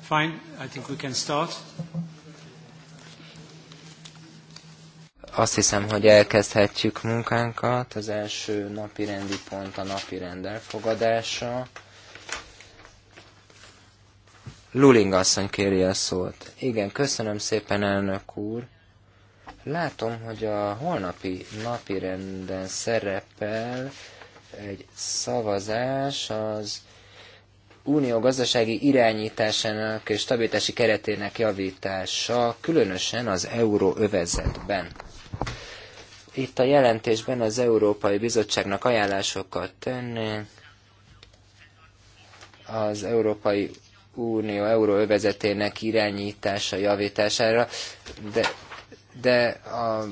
Fine, I think we can start. Azt hiszem, hogy elkezdhetjük munkánkat. Az első napi rendi pont a napi rend elfogadása. Luling asszony kéri a szót. Igen, köszönöm szépen, elnök úr. Látom, hogy a holnapi napi renden szerepel egy szavazás az Unió gazdasági irányításának és stabilitási keretének javítása, különösen az euróövezetben. Itt a jelentésben az Európai Bizottságnak ajánlásokat tenni az Európai Unió euróövezetének irányítása javítására, de, de a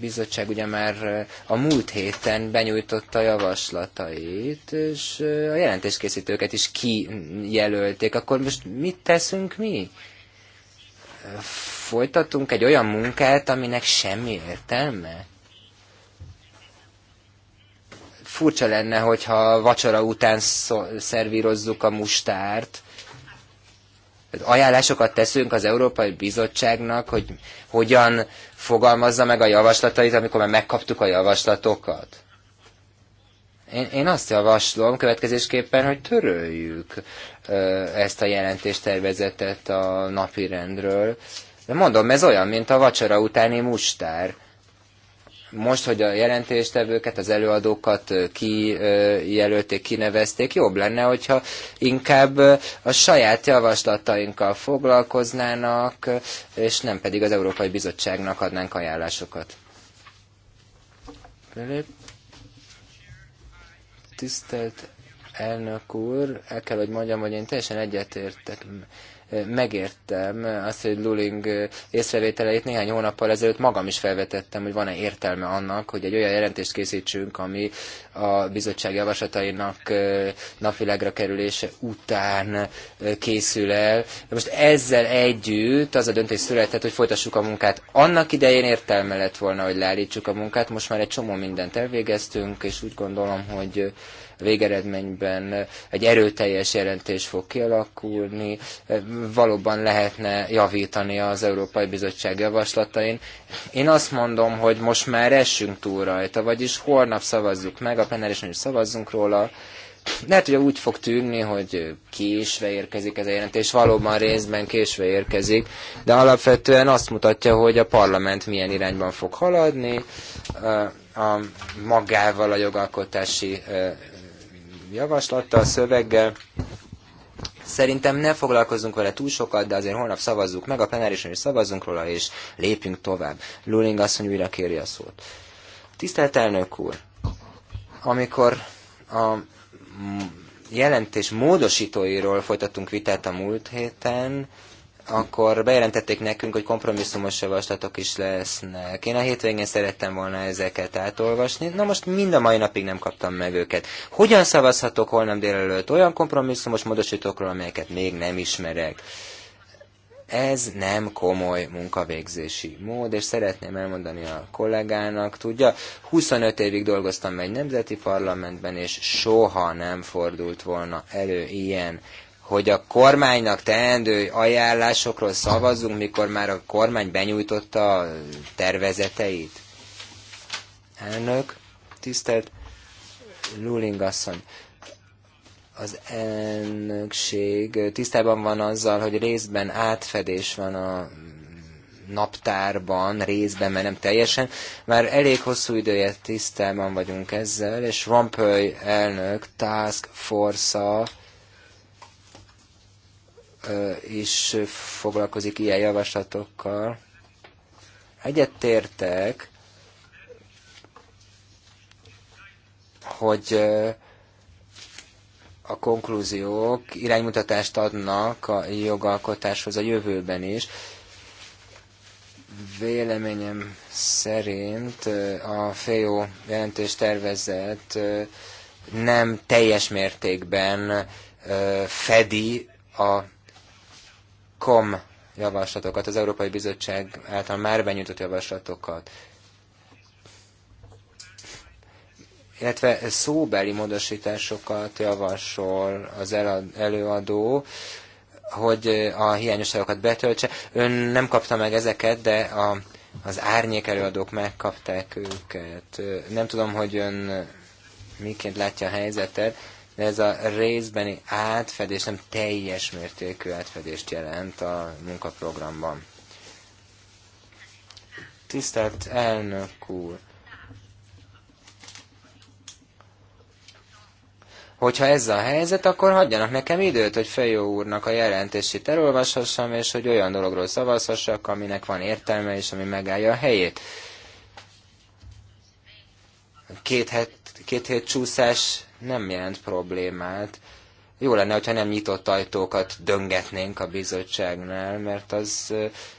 bizottság ugye már a múlt héten benyújtotta javaslatait, és a jelentéskészítőket is kijelölték. Akkor most mit teszünk mi? Folytatunk egy olyan munkát, aminek semmi értelme? Furcsa lenne, hogyha vacsora után szervírozzuk a mustárt, ajánlásokat teszünk az Európai Bizottságnak, hogy hogyan fogalmazza meg a javaslatait, amikor már megkaptuk a javaslatokat. Én, én azt javaslom következésképpen, hogy töröljük ezt a jelentéstervezetet a rendről. De mondom, ez olyan, mint a vacsora utáni mustár most, hogy a jelentéstevőket, az előadókat kijelölték, kinevezték, jobb lenne, hogyha inkább a saját javaslatainkkal foglalkoznának, és nem pedig az Európai Bizottságnak adnánk ajánlásokat. Tisztelt elnök úr, el kell, hogy mondjam, hogy én teljesen egyetértek megértem azt, hogy Luling észrevételeit néhány hónappal ezelőtt magam is felvetettem, hogy van-e értelme annak, hogy egy olyan jelentést készítsünk, ami a bizottság javaslatainak napvilágra kerülése után készül el. Most ezzel együtt az a döntés született, hogy folytassuk a munkát. Annak idején értelme lett volna, hogy leállítsuk a munkát, most már egy csomó mindent elvégeztünk, és úgy gondolom, hogy végeredményben egy erőteljes jelentés fog kialakulni valóban lehetne javítani az Európai Bizottság javaslatain. Én azt mondom, hogy most már essünk túl rajta, vagyis holnap szavazzuk meg, a plenárison is szavazzunk róla. Lehet, hogy úgy fog tűnni, hogy késve érkezik ez a jelentés, valóban részben késve érkezik, de alapvetően azt mutatja, hogy a parlament milyen irányban fog haladni, a magával a jogalkotási javaslattal, a szöveggel. Szerintem ne foglalkozzunk vele túl sokat, de azért holnap szavazzuk meg, a plenárisan, is szavazzunk róla, és lépjünk tovább. Luling asszony újra kéri a szót. Tisztelt elnök úr, amikor a jelentés módosítóiról folytattunk vitát a múlt héten, akkor bejelentették nekünk, hogy kompromisszumos javaslatok is lesznek. Én a hétvégén szerettem volna ezeket átolvasni, na most mind a mai napig nem kaptam meg őket. Hogyan szavazhatok holnap délelőtt olyan kompromisszumos módosítókról, amelyeket még nem ismerek? Ez nem komoly munkavégzési mód, és szeretném elmondani a kollégának, tudja, 25 évig dolgoztam egy nemzeti parlamentben, és soha nem fordult volna elő ilyen hogy a kormánynak teendő ajánlásokról szavazzunk, mikor már a kormány benyújtotta a tervezeteit? Elnök, tisztelt Luling asszony, az elnökség tisztában van azzal, hogy részben átfedés van a naptárban, részben, mert nem teljesen. Már elég hosszú idője tisztában vagyunk ezzel, és Rompöly elnök task force is foglalkozik ilyen javaslatokkal. Egyetértek, hogy a konklúziók iránymutatást adnak a jogalkotáshoz a jövőben is. Véleményem szerint a FEO jelentős tervezet nem teljes mértékben fedi a kom javaslatokat, az Európai Bizottság által már benyújtott javaslatokat, illetve szóbeli módosításokat javasol az előadó, hogy a hiányosságokat betöltse. Ön nem kapta meg ezeket, de a, az árnyék előadók megkapták őket. Nem tudom, hogy ön miként látja a helyzetet, de ez a részbeni átfedés nem teljes mértékű átfedést jelent a munkaprogramban. Tisztelt elnök úr! Hogyha ez a helyzet, akkor hagyjanak nekem időt, hogy Fejó úrnak a jelentését elolvashassam, és hogy olyan dologról szavazhassak, aminek van értelme, és ami megállja a helyét. Két, het, két hét csúszás nem jelent problémát. Jó lenne, hogyha nem nyitott ajtókat döngetnénk a bizottságnál, mert az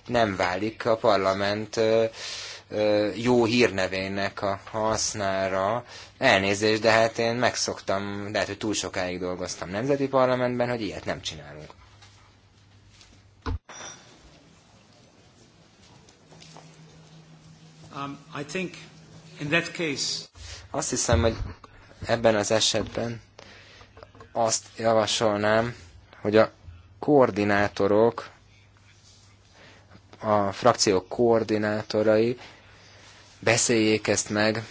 nem válik a parlament jó hírnevének a hasznára. Elnézést, de hát én megszoktam, de hát, hogy túl sokáig dolgoztam nemzeti parlamentben, hogy ilyet nem csinálunk. Um, I think in that case... Azt hiszem, hogy Ebben az esetben azt javasolnám, hogy a koordinátorok, a frakciók koordinátorai beszéljék ezt meg,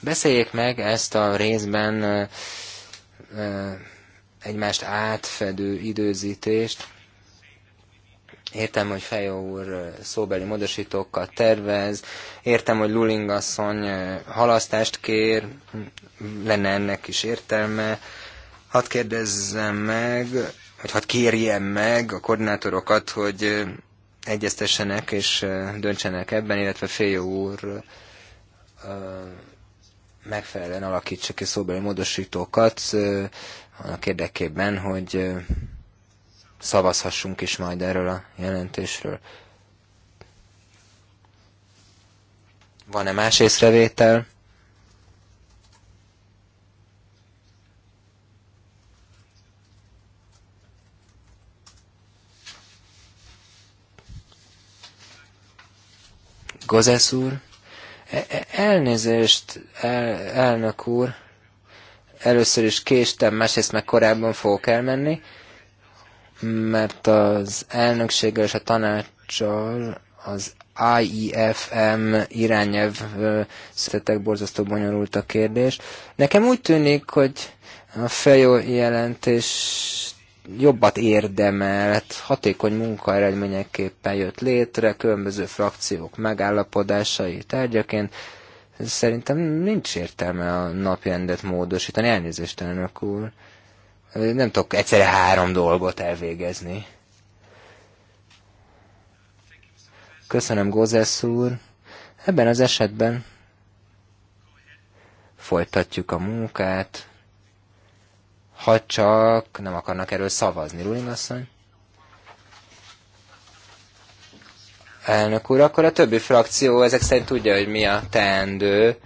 beszéljék meg ezt a részben egymást átfedő időzítést, Értem, hogy Fejó úr szóbeli módosítókkal tervez, értem, hogy Luling asszony halasztást kér, lenne ennek is értelme. Hadd kérdezzem meg, vagy hadd kérjem meg a koordinátorokat, hogy egyeztessenek és döntsenek ebben, illetve Fejó úr megfelelően alakítsa ki szóbeli módosítókat annak érdekében, hogy szavazhassunk is majd erről a jelentésről. Van-e más észrevétel? Gozesz úr? E, e, elnézést, el, elnök úr. Először is késtem, másrészt meg korábban fogok elmenni mert az elnökséggel és a tanácssal az IEFM irányelv születek borzasztó bonyolult a kérdés. Nekem úgy tűnik, hogy a fejó jelentés jobbat érdemelt, hatékony munka eredményeképpen jött létre, különböző frakciók megállapodásai tárgyaként. Szerintem nincs értelme a napjendet módosítani, elnézést elnök úr nem tudok egyszerre három dolgot elvégezni. Köszönöm, Gózesz úr. Ebben az esetben folytatjuk a munkát, ha csak nem akarnak erről szavazni, Rulin asszony. Elnök úr, akkor a többi frakció ezek szerint tudja, hogy mi a teendő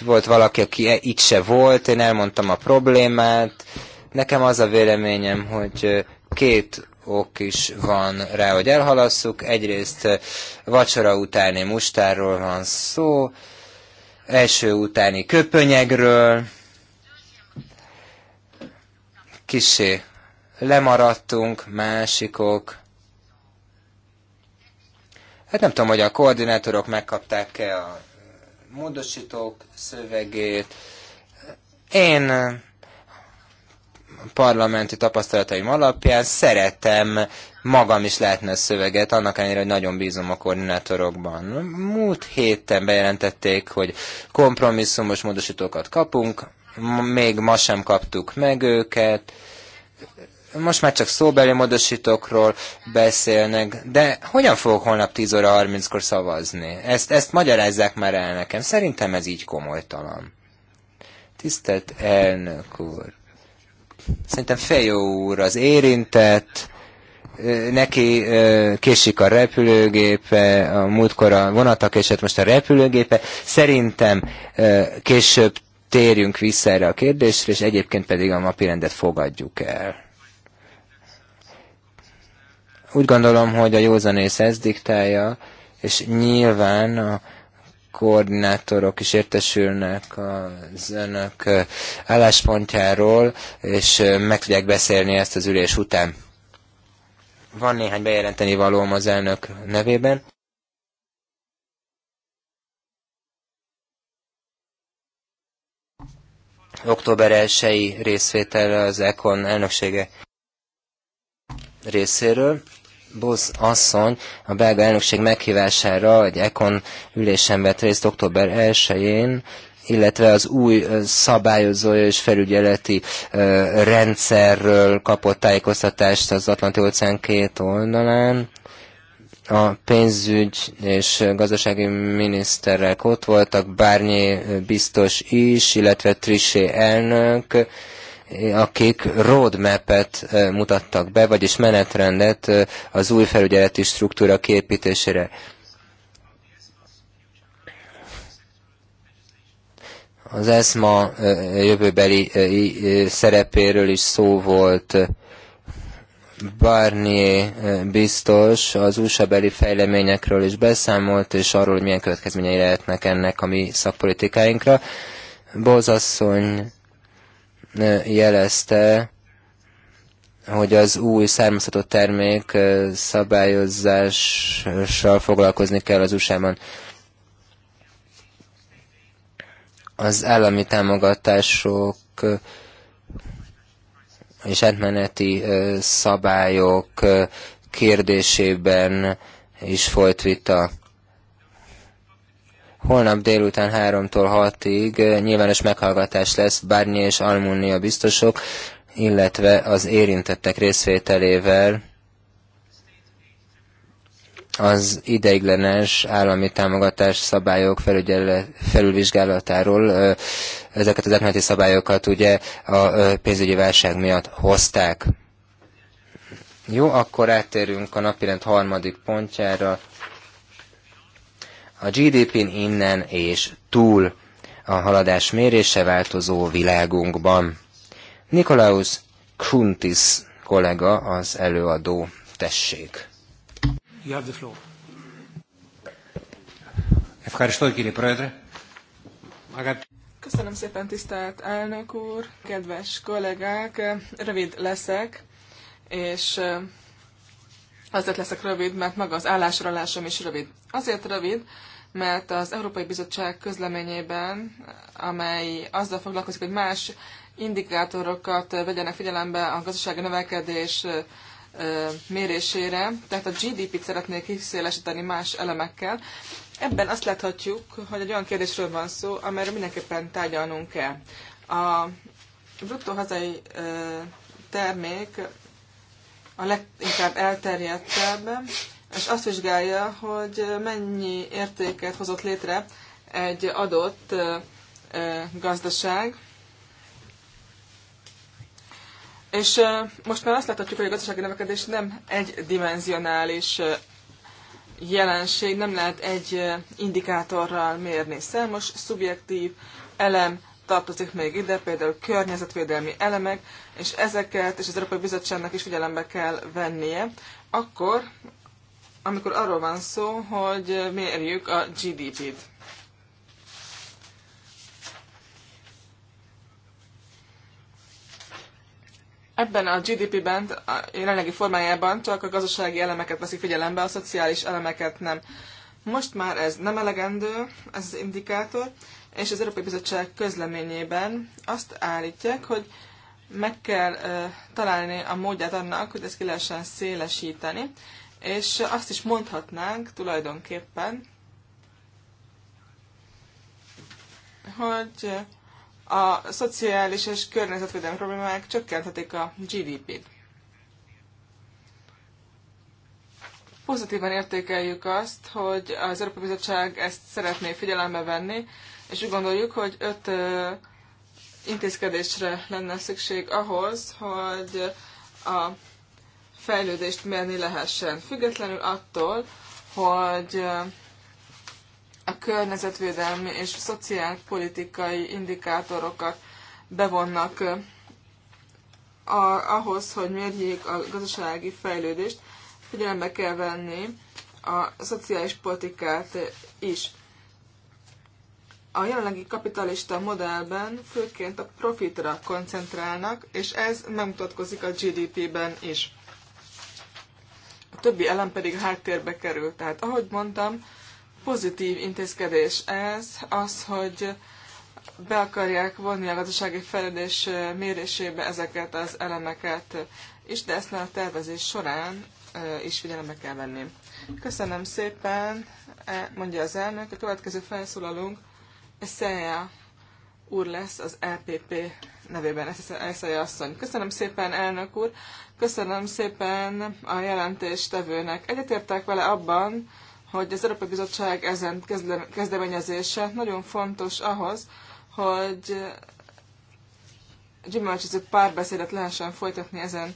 volt valaki, aki e- itt se volt, én elmondtam a problémát. Nekem az a véleményem, hogy két ok is van rá, hogy elhalasszuk. Egyrészt vacsora utáni mustárról van szó, első utáni köpönyegről, kisé lemaradtunk, másikok. Hát nem tudom, hogy a koordinátorok megkapták-e a módosítók szövegét. Én parlamenti tapasztalataim alapján szeretem magam is lehetne a szöveget, annak ellenére, hogy nagyon bízom a koordinátorokban. Múlt héten bejelentették, hogy kompromisszumos módosítókat kapunk, még ma sem kaptuk meg őket, most már csak szóbeli módosítókról beszélnek, de hogyan fogok holnap 10 óra 30-kor szavazni? Ezt, ezt magyarázzák már el nekem. Szerintem ez így komolytalan. Tisztelt elnök úr! Szerintem Fejó úr az érintett, neki késik a repülőgépe, a múltkor a vonatak, és hát most a repülőgépe. Szerintem később térjünk vissza erre a kérdésre, és egyébként pedig a napirendet fogadjuk el. Úgy gondolom, hogy a józanész ez diktálja, és nyilván a koordinátorok is értesülnek az önök álláspontjáról, és meg tudják beszélni ezt az ülés után. Van néhány bejelenteni valóm az elnök nevében. Október 1-i részvétel az ECON elnöksége részéről. Busz asszony a belga elnökség meghívására egy Ekon ülésen vett részt október 1-én, illetve az új szabályozója és felügyeleti rendszerről kapott tájékoztatást az Atlanti-óceán két oldalán a pénzügy és gazdasági miniszterek ott voltak, Bárnyi biztos is, illetve Trisé elnök, akik roadmap-et mutattak be, vagyis menetrendet az új felügyeleti struktúra képítésére. Az ESMA jövőbeli szerepéről is szó volt. Barnier biztos az USA beli fejleményekről is beszámolt, és arról, hogy milyen következményei lehetnek ennek a mi szakpolitikáinkra. Bozasszony jelezte, hogy az új származható termék szabályozással foglalkozni kell az USA-ban. Az állami támogatások és átmeneti szabályok kérdésében is folyt vita. Holnap délután 3-tól 6-ig eh, nyilvános meghallgatás lesz Barnier és Almunia biztosok, illetve az érintettek részvételével az ideiglenes állami támogatás szabályok felülvizsgálatáról. Eh, ezeket az átmeneti szabályokat ugye a eh, pénzügyi válság miatt hozták. Jó, akkor áttérünk a napirend harmadik pontjára, a GDP-n innen és túl a haladás mérése változó világunkban. Nikolaus Kruntis kollega az előadó. Tessék! You have the floor. Köszönöm szépen, tisztelt elnök úr, kedves kollégák! Rövid leszek, és Azért leszek rövid, mert maga az állásralásom is rövid. Azért rövid, mert az Európai Bizottság közleményében, amely azzal foglalkozik, hogy más indikátorokat vegyenek figyelembe a gazdasági növekedés mérésére, tehát a GDP-t szeretnék kiszélesíteni más elemekkel. Ebben azt láthatjuk, hogy egy olyan kérdésről van szó, amelyről mindenképpen tárgyalnunk kell. A bruttó hazai termék a leginkább elterjedtebb, és azt vizsgálja, hogy mennyi értéket hozott létre egy adott gazdaság. És most már azt láthatjuk, hogy a gazdasági növekedés nem dimenzionális jelenség, nem lehet egy indikátorral mérni. Számos szubjektív elem tartozik még ide, például környezetvédelmi elemek, és ezeket, és az Európai Bizottságnak is figyelembe kell vennie, akkor, amikor arról van szó, hogy mérjük a GDP-t. Ebben a GDP-ben, a jelenlegi formájában csak a gazdasági elemeket veszik figyelembe, a szociális elemeket nem. Most már ez nem elegendő, ez az indikátor, és az Európai Bizottság közleményében azt állítják, hogy meg kell találni a módját annak, hogy ezt ki lehessen szélesíteni, és azt is mondhatnánk tulajdonképpen, hogy a szociális és környezetvédelmi problémák csökkenthetik a GDP-t. Pozitívan értékeljük azt, hogy az Európai Bizottság ezt szeretné figyelembe venni, és úgy gondoljuk, hogy öt intézkedésre lenne szükség ahhoz, hogy a fejlődést mérni lehessen. Függetlenül attól, hogy a környezetvédelmi és szociálpolitikai indikátorokat bevonnak a, ahhoz, hogy mérjék a gazdasági fejlődést, figyelembe kell venni a szociális politikát is a jelenlegi kapitalista modellben főként a profitra koncentrálnak, és ez megmutatkozik a GDP-ben is. A többi elem pedig háttérbe kerül. Tehát, ahogy mondtam, pozitív intézkedés ez, az, hogy be akarják vonni a gazdasági fejlődés mérésébe ezeket az elemeket is, de ezt már a tervezés során is figyelembe kell venni. Köszönöm szépen, e, mondja az elnök. A következő felszólalunk Eszeja úr lesz az LPP e nevében. Eszeja asszony. Köszönöm szépen, elnök úr. Köszönöm szépen a jelentéstevőnek. Egyetértek vele abban, hogy az Európai Bizottság ezen kezdeményezése nagyon fontos ahhoz, hogy gyümölcsöző párbeszédet lehessen folytatni ezen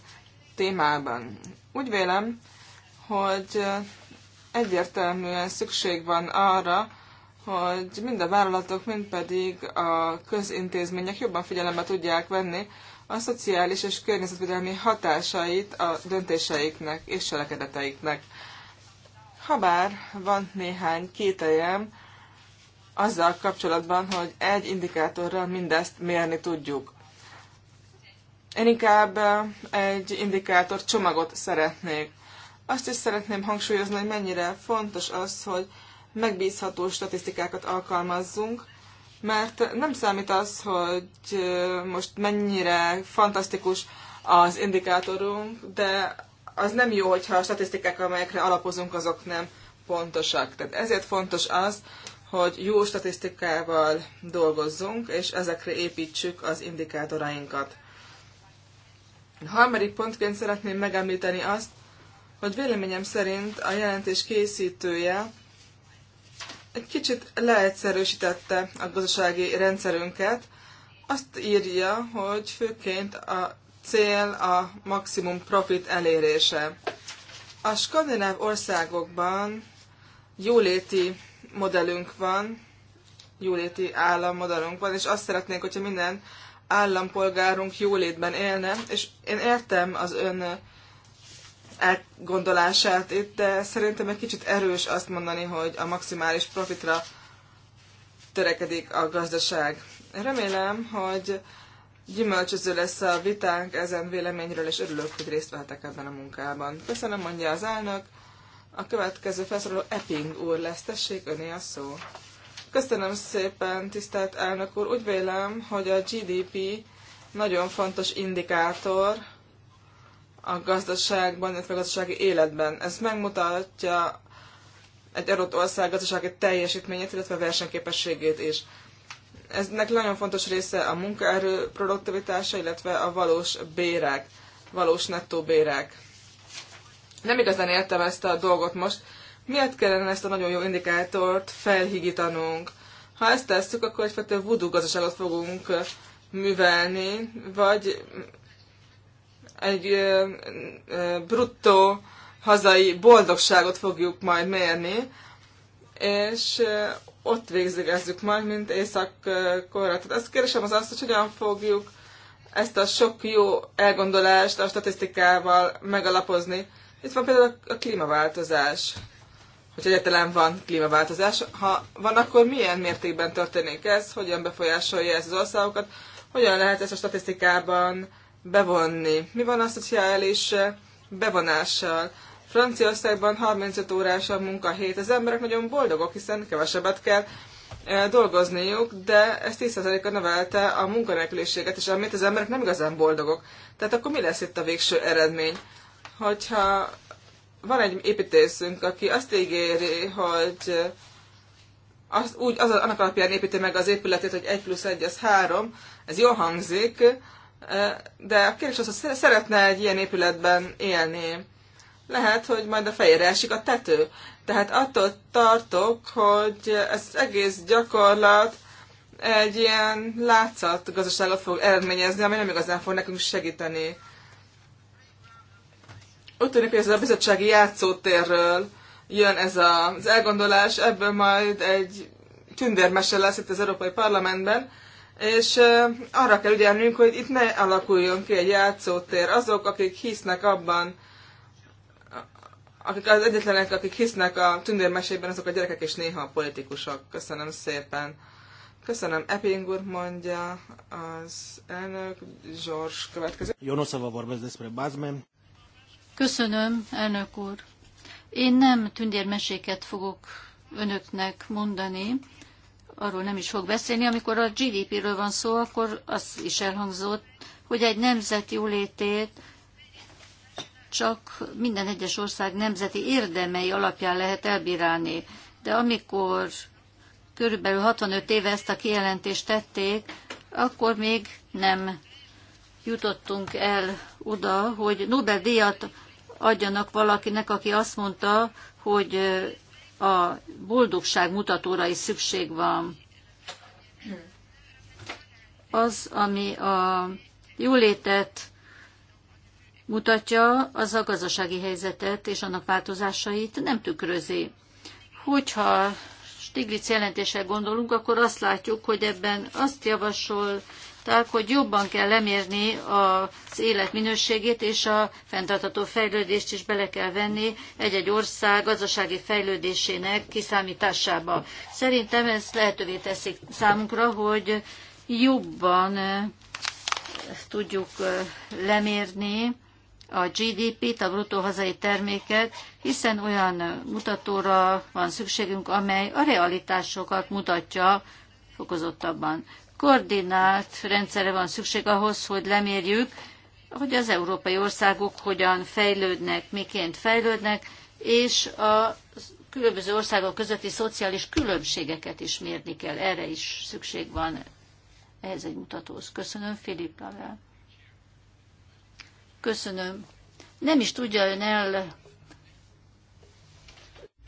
témában. Úgy vélem, hogy egyértelműen szükség van arra, hogy mind a vállalatok, mind pedig a közintézmények jobban figyelembe tudják venni a szociális és környezetvédelmi hatásait a döntéseiknek és cselekedeteiknek. Habár van néhány kételjem azzal kapcsolatban, hogy egy indikátorral mindezt mérni tudjuk. Én inkább egy indikátor csomagot szeretnék. Azt is szeretném hangsúlyozni, hogy mennyire fontos az, hogy megbízható statisztikákat alkalmazzunk, mert nem számít az, hogy most mennyire fantasztikus az indikátorunk, de az nem jó, hogyha a statisztikák, amelyekre alapozunk, azok nem pontosak. Tehát ezért fontos az, hogy jó statisztikával dolgozzunk, és ezekre építsük az indikátorainkat. A harmadik pontként szeretném megemlíteni azt, hogy véleményem szerint a jelentés készítője egy kicsit leegyszerűsítette a gazdasági rendszerünket. Azt írja, hogy főként a cél a maximum profit elérése. A skandináv országokban jóléti modellünk van, jóléti állammodellünk van, és azt szeretnénk, hogyha minden állampolgárunk jólétben élne, és én értem az ön elgondolását itt, de szerintem egy kicsit erős azt mondani, hogy a maximális profitra törekedik a gazdaság. Remélem, hogy gyümölcsöző lesz a vitánk ezen véleményről, és örülök, hogy részt vehetek ebben a munkában. Köszönöm, mondja az elnök. A következő felszólaló Epping úr lesz, tessék, öné a szó. Köszönöm szépen, tisztelt elnök úr. Úgy vélem, hogy a GDP nagyon fontos indikátor a gazdaságban, illetve a gazdasági életben. Ez megmutatja egy adott ország gazdasági teljesítményét, illetve versenyképességét is. Eznek nagyon fontos része a munkaerő produktivitása, illetve a valós bérek, valós nettó bérek. Nem igazán értem ezt a dolgot most. Miért kellene ezt a nagyon jó indikátort felhigítanunk? Ha ezt tesszük, akkor egyfajta voodoo gazdaságot fogunk művelni, vagy egy bruttó hazai boldogságot fogjuk majd mérni, és ott végzégezzük majd, mint Észak-Korea. Tehát azt kérdésem az azt, hogy hogyan fogjuk ezt a sok jó elgondolást a statisztikával megalapozni. Itt van például a klímaváltozás. Hogy egyetlen van klímaváltozás. Ha van, akkor milyen mértékben történik ez, hogyan befolyásolja ez az országokat, hogyan lehet ezt a statisztikában bevonni. Mi van a szociális eh, bevonással? Franciaországban 35 órás a munkahét. Az emberek nagyon boldogok, hiszen kevesebbet kell eh, dolgozniuk, de ez 10%-a növelte a munkanélküliséget, és amit az emberek nem igazán boldogok. Tehát akkor mi lesz itt a végső eredmény? Hogyha van egy építészünk, aki azt ígéri, hogy eh, az, úgy, az, annak alapján építi meg az épületét, hogy 1 plusz 1 az 3, ez jól hangzik, de a kérdés az, hogy szeretne egy ilyen épületben élni. Lehet, hogy majd a fejére esik a tető. Tehát attól tartok, hogy ez egész gyakorlat egy ilyen látszat gazdaságot fog eredményezni, ami nem igazán fog nekünk segíteni. Úgy tűnik, hogy ez a bizottsági játszótérről jön ez az elgondolás, ebből majd egy tündérmese lesz itt az Európai Parlamentben, és arra kell ügyelnünk, hogy itt ne alakuljon ki egy játszótér. Azok, akik hisznek abban, akik az egyetlenek, akik hisznek a tündérmesében, azok a gyerekek és néha a politikusok. Köszönöm szépen. Köszönöm, Epping úr mondja az elnök, Zsors következő. Jó noszava Köszönöm, elnök úr. Én nem tündérmeséket fogok önöknek mondani, arról nem is fog beszélni. Amikor a GDP-ről van szó, akkor az is elhangzott, hogy egy nemzet jólétét csak minden egyes ország nemzeti érdemei alapján lehet elbírálni. De amikor körülbelül 65 éve ezt a kijelentést tették, akkor még nem jutottunk el oda, hogy Nobel-díjat adjanak valakinek, aki azt mondta, hogy a boldogság mutatóra is szükség van. Az, ami a jólétet mutatja, az a gazdasági helyzetet és annak változásait nem tükrözi. Hogyha Stiglitz jelentéssel gondolunk, akkor azt látjuk, hogy ebben azt javasol, tehát hogy jobban kell lemérni az életminőségét, és a fenntartható fejlődést is bele kell venni egy-egy ország gazdasági fejlődésének kiszámításába. Szerintem ez lehetővé teszik számunkra, hogy jobban eh, tudjuk eh, lemérni a GDP-t, a bruttó hazai terméket, hiszen olyan mutatóra van szükségünk, amely a realitásokat mutatja fokozottabban koordinált rendszerre van szükség ahhoz, hogy lemérjük, hogy az európai országok hogyan fejlődnek, miként fejlődnek, és a különböző országok közötti szociális különbségeket is mérni kell. Erre is szükség van ehhez egy mutatóhoz. Köszönöm, Filip Lavel. Köszönöm. Nem is tudja ön el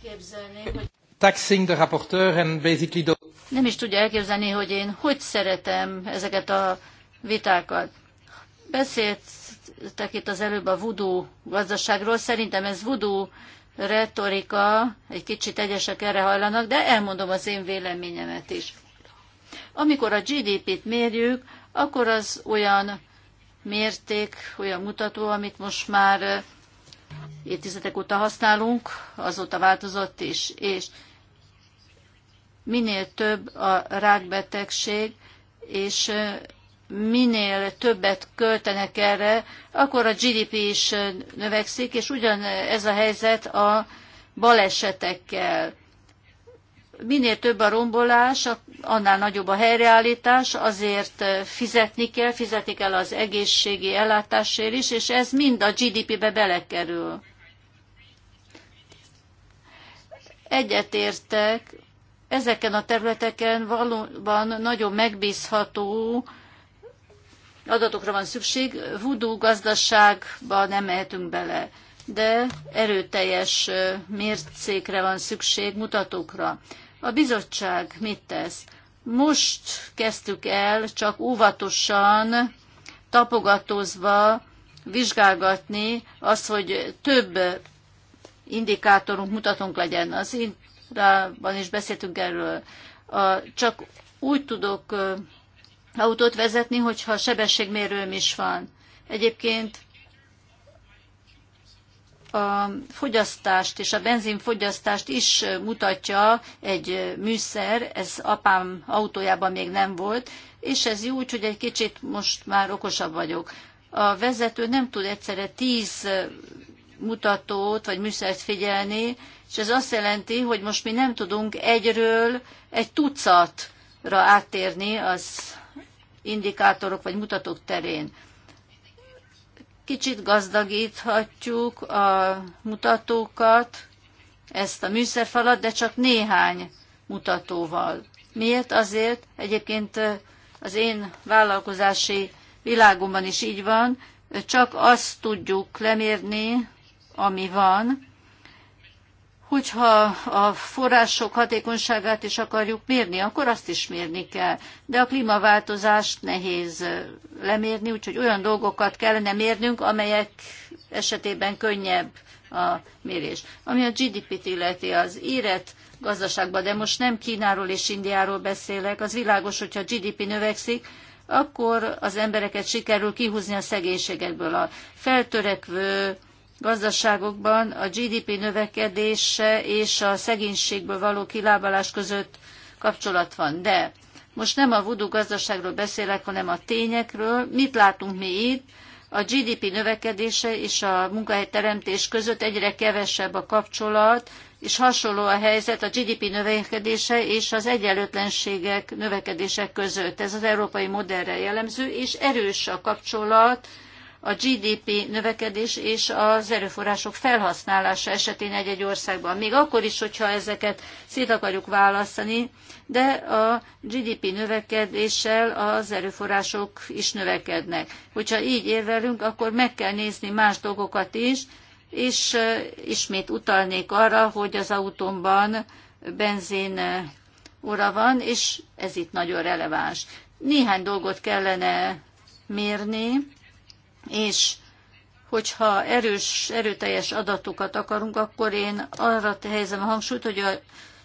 képzelni, hogy... Taxing the rapporteur and basically the nem is tudja elképzelni, hogy én hogy szeretem ezeket a vitákat. Beszéltek itt az előbb a vudú gazdaságról, szerintem ez vudú retorika, egy kicsit egyesek erre hajlanak, de elmondom az én véleményemet is. Amikor a GDP-t mérjük, akkor az olyan mérték, olyan mutató, amit most már évtizedek óta használunk, azóta változott is, és minél több a rákbetegség, és minél többet költenek erre, akkor a GDP is növekszik, és ugyan ez a helyzet a balesetekkel. Minél több a rombolás, annál nagyobb a helyreállítás, azért fizetni kell, fizetik el az egészségi ellátásért is, és ez mind a GDP-be belekerül. Egyetértek ezeken a területeken valóban nagyon megbízható adatokra van szükség. Vudú gazdaságba nem mehetünk bele, de erőteljes mércékre van szükség, mutatókra. A bizottság mit tesz? Most kezdtük el csak óvatosan, tapogatózva vizsgálgatni azt, hogy több indikátorunk, mutatónk legyen. Az Prában is beszéltünk erről. A, csak úgy tudok autót vezetni, hogyha sebességmérőm is van. Egyébként a fogyasztást és a benzinfogyasztást is mutatja egy műszer, ez apám autójában még nem volt, és ez jó, úgyhogy egy kicsit most már okosabb vagyok. A vezető nem tud egyszerre tíz mutatót vagy műszert figyelni, és ez azt jelenti, hogy most mi nem tudunk egyről egy tucatra áttérni az indikátorok vagy mutatók terén. Kicsit gazdagíthatjuk a mutatókat, ezt a műszerfalat, de csak néhány mutatóval. Miért? Azért egyébként az én vállalkozási világomban is így van, csak azt tudjuk lemérni, ami van, hogyha a források hatékonyságát is akarjuk mérni, akkor azt is mérni kell. De a klímaváltozást nehéz lemérni, úgyhogy olyan dolgokat kellene mérnünk, amelyek esetében könnyebb a mérés. Ami a GDP-t illeti, az éret gazdaságban, de most nem Kínáról és Indiáról beszélek, az világos, hogyha a GDP növekszik, akkor az embereket sikerül kihúzni a szegénységekből. A feltörekvő gazdaságokban a GDP növekedése és a szegénységből való kilábalás között kapcsolat van. De most nem a vudu gazdaságról beszélek, hanem a tényekről. Mit látunk mi itt? A GDP növekedése és a munkahelyteremtés között egyre kevesebb a kapcsolat, és hasonló a helyzet a GDP növekedése és az egyenlőtlenségek növekedése között. Ez az európai modellre jellemző, és erős a kapcsolat a GDP növekedés és az erőforrások felhasználása esetén egy-egy országban. Még akkor is, hogyha ezeket szét akarjuk választani, de a GDP növekedéssel az erőforrások is növekednek. Hogyha így érvelünk, akkor meg kell nézni más dolgokat is, és ismét utalnék arra, hogy az autómban benzin óra van, és ez itt nagyon releváns. Néhány dolgot kellene mérni, és hogyha erős, erőteljes adatokat akarunk, akkor én arra helyezem a hangsúlyt, hogy a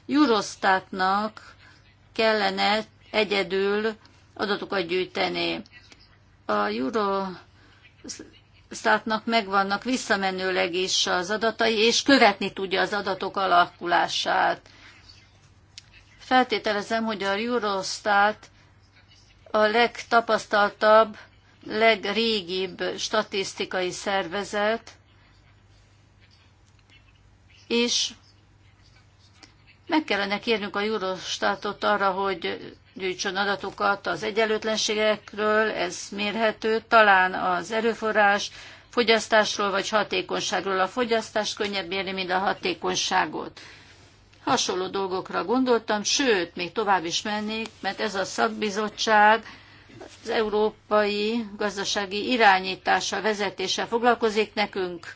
Eurostatnak kellene egyedül adatokat gyűjteni. A Eurostatnak megvannak visszamenőleg is az adatai, és követni tudja az adatok alakulását. Feltételezem, hogy a Eurostat a legtapasztaltabb legrégibb statisztikai szervezet, és meg kellene kérnünk a Eurostatot arra, hogy gyűjtsön adatokat az egyenlőtlenségekről, ez mérhető, talán az erőforrás, fogyasztásról vagy hatékonyságról. A fogyasztást könnyebb érni, mint a hatékonyságot. Hasonló dolgokra gondoltam, sőt, még tovább is mennék, mert ez a szakbizottság az európai gazdasági irányítása, vezetése foglalkozik nekünk,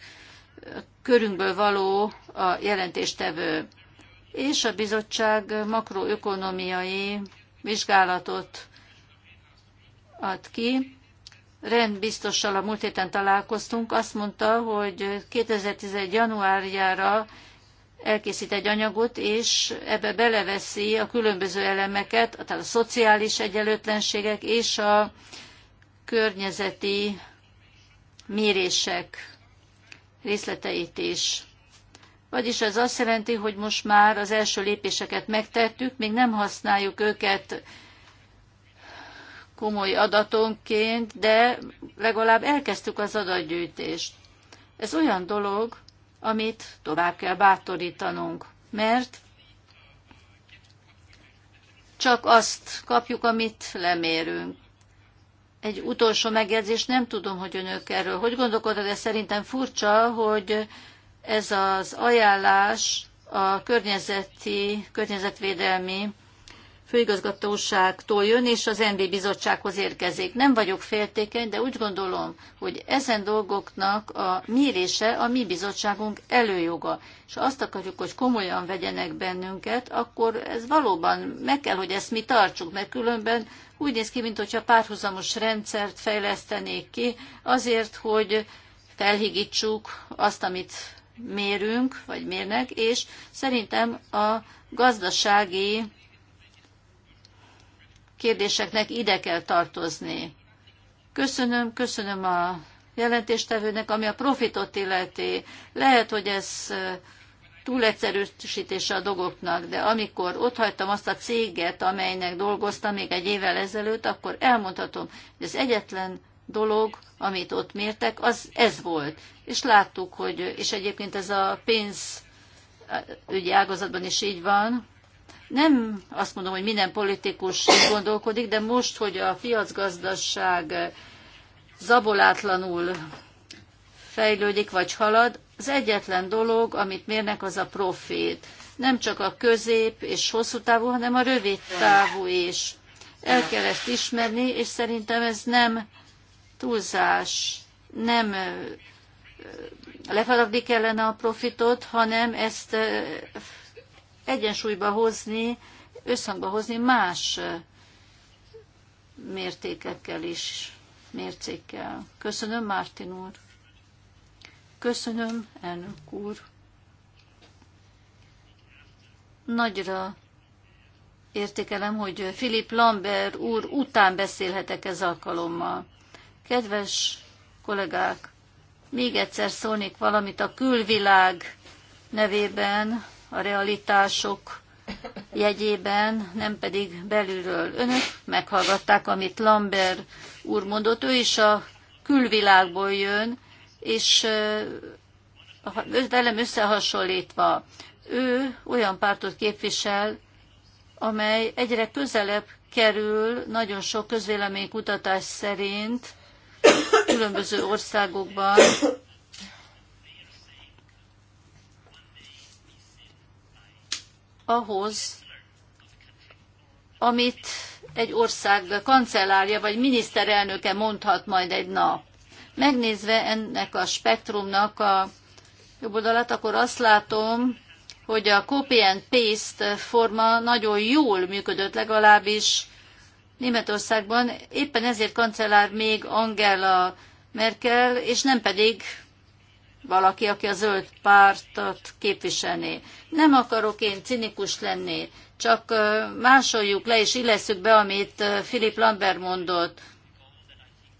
körünkből való a jelentéstevő. És a bizottság makroökonomiai vizsgálatot ad ki. Rendbiztossal a múlt héten találkoztunk, azt mondta, hogy 2011. januárjára elkészít egy anyagot, és ebbe beleveszi a különböző elemeket, tehát a szociális egyenlőtlenségek és a környezeti mérések részleteit is. Vagyis ez azt jelenti, hogy most már az első lépéseket megtettük, még nem használjuk őket komoly adatonként, de legalább elkezdtük az adatgyűjtést. Ez olyan dolog, amit tovább kell bátorítanunk, mert csak azt kapjuk, amit lemérünk. Egy utolsó megjegyzés, nem tudom, hogy önök erről hogy gondolkodnak, de szerintem furcsa, hogy ez az ajánlás a környezeti, környezetvédelmi főigazgatóságtól jön, és az NV bizottsághoz érkezik. Nem vagyok féltékeny, de úgy gondolom, hogy ezen dolgoknak a mérése a mi bizottságunk előjoga. És azt akarjuk, hogy komolyan vegyenek bennünket, akkor ez valóban meg kell, hogy ezt mi tartsuk, mert különben úgy néz ki, mintha párhuzamos rendszert fejlesztenék ki, azért, hogy felhigítsuk azt, amit mérünk, vagy mérnek, és szerintem a gazdasági kérdéseknek ide kell tartozni. Köszönöm, köszönöm a jelentéstevőnek, ami a profitot illeti. Lehet, hogy ez túl egyszerűsítése a dolgoknak, de amikor hagytam azt a céget, amelynek dolgoztam még egy évvel ezelőtt, akkor elmondhatom, hogy az egyetlen dolog, amit ott mértek, az ez volt. És láttuk, hogy, és egyébként ez a pénz ügyi ágazatban is így van, nem azt mondom, hogy minden politikus így gondolkodik, de most, hogy a piacgazdaság zabolátlanul fejlődik vagy halad, az egyetlen dolog, amit mérnek, az a profit. Nem csak a közép és hosszú távú, hanem a rövid távú is. El kell ezt ismerni, és szerintem ez nem túlzás, nem lefaragni kellene a profitot, hanem ezt egyensúlyba hozni, összhangba hozni más mértékekkel is, mércékkel. Köszönöm, Mártin úr. Köszönöm, elnök úr. Nagyra értékelem, hogy Filip Lambert úr után beszélhetek ez alkalommal. Kedves kollégák, még egyszer szólnék valamit a külvilág nevében, a realitások jegyében, nem pedig belülről. Önök meghallgatták, amit Lambert úr mondott, ő is a külvilágból jön, és velem összehasonlítva, ő olyan pártot képvisel, amely egyre közelebb kerül nagyon sok közvéleménykutatás szerint különböző országokban ahhoz, amit egy ország kancellárja vagy miniszterelnöke mondhat majd egy nap. Megnézve ennek a spektrumnak a jobb oldalát, akkor azt látom, hogy a copy and paste forma nagyon jól működött, legalábbis Németországban. Éppen ezért kancellár még Angela Merkel, és nem pedig valaki, aki a zöld pártot képviselné. Nem akarok én cinikus lenni, csak másoljuk le és illeszük be, amit Philip Lambert mondott,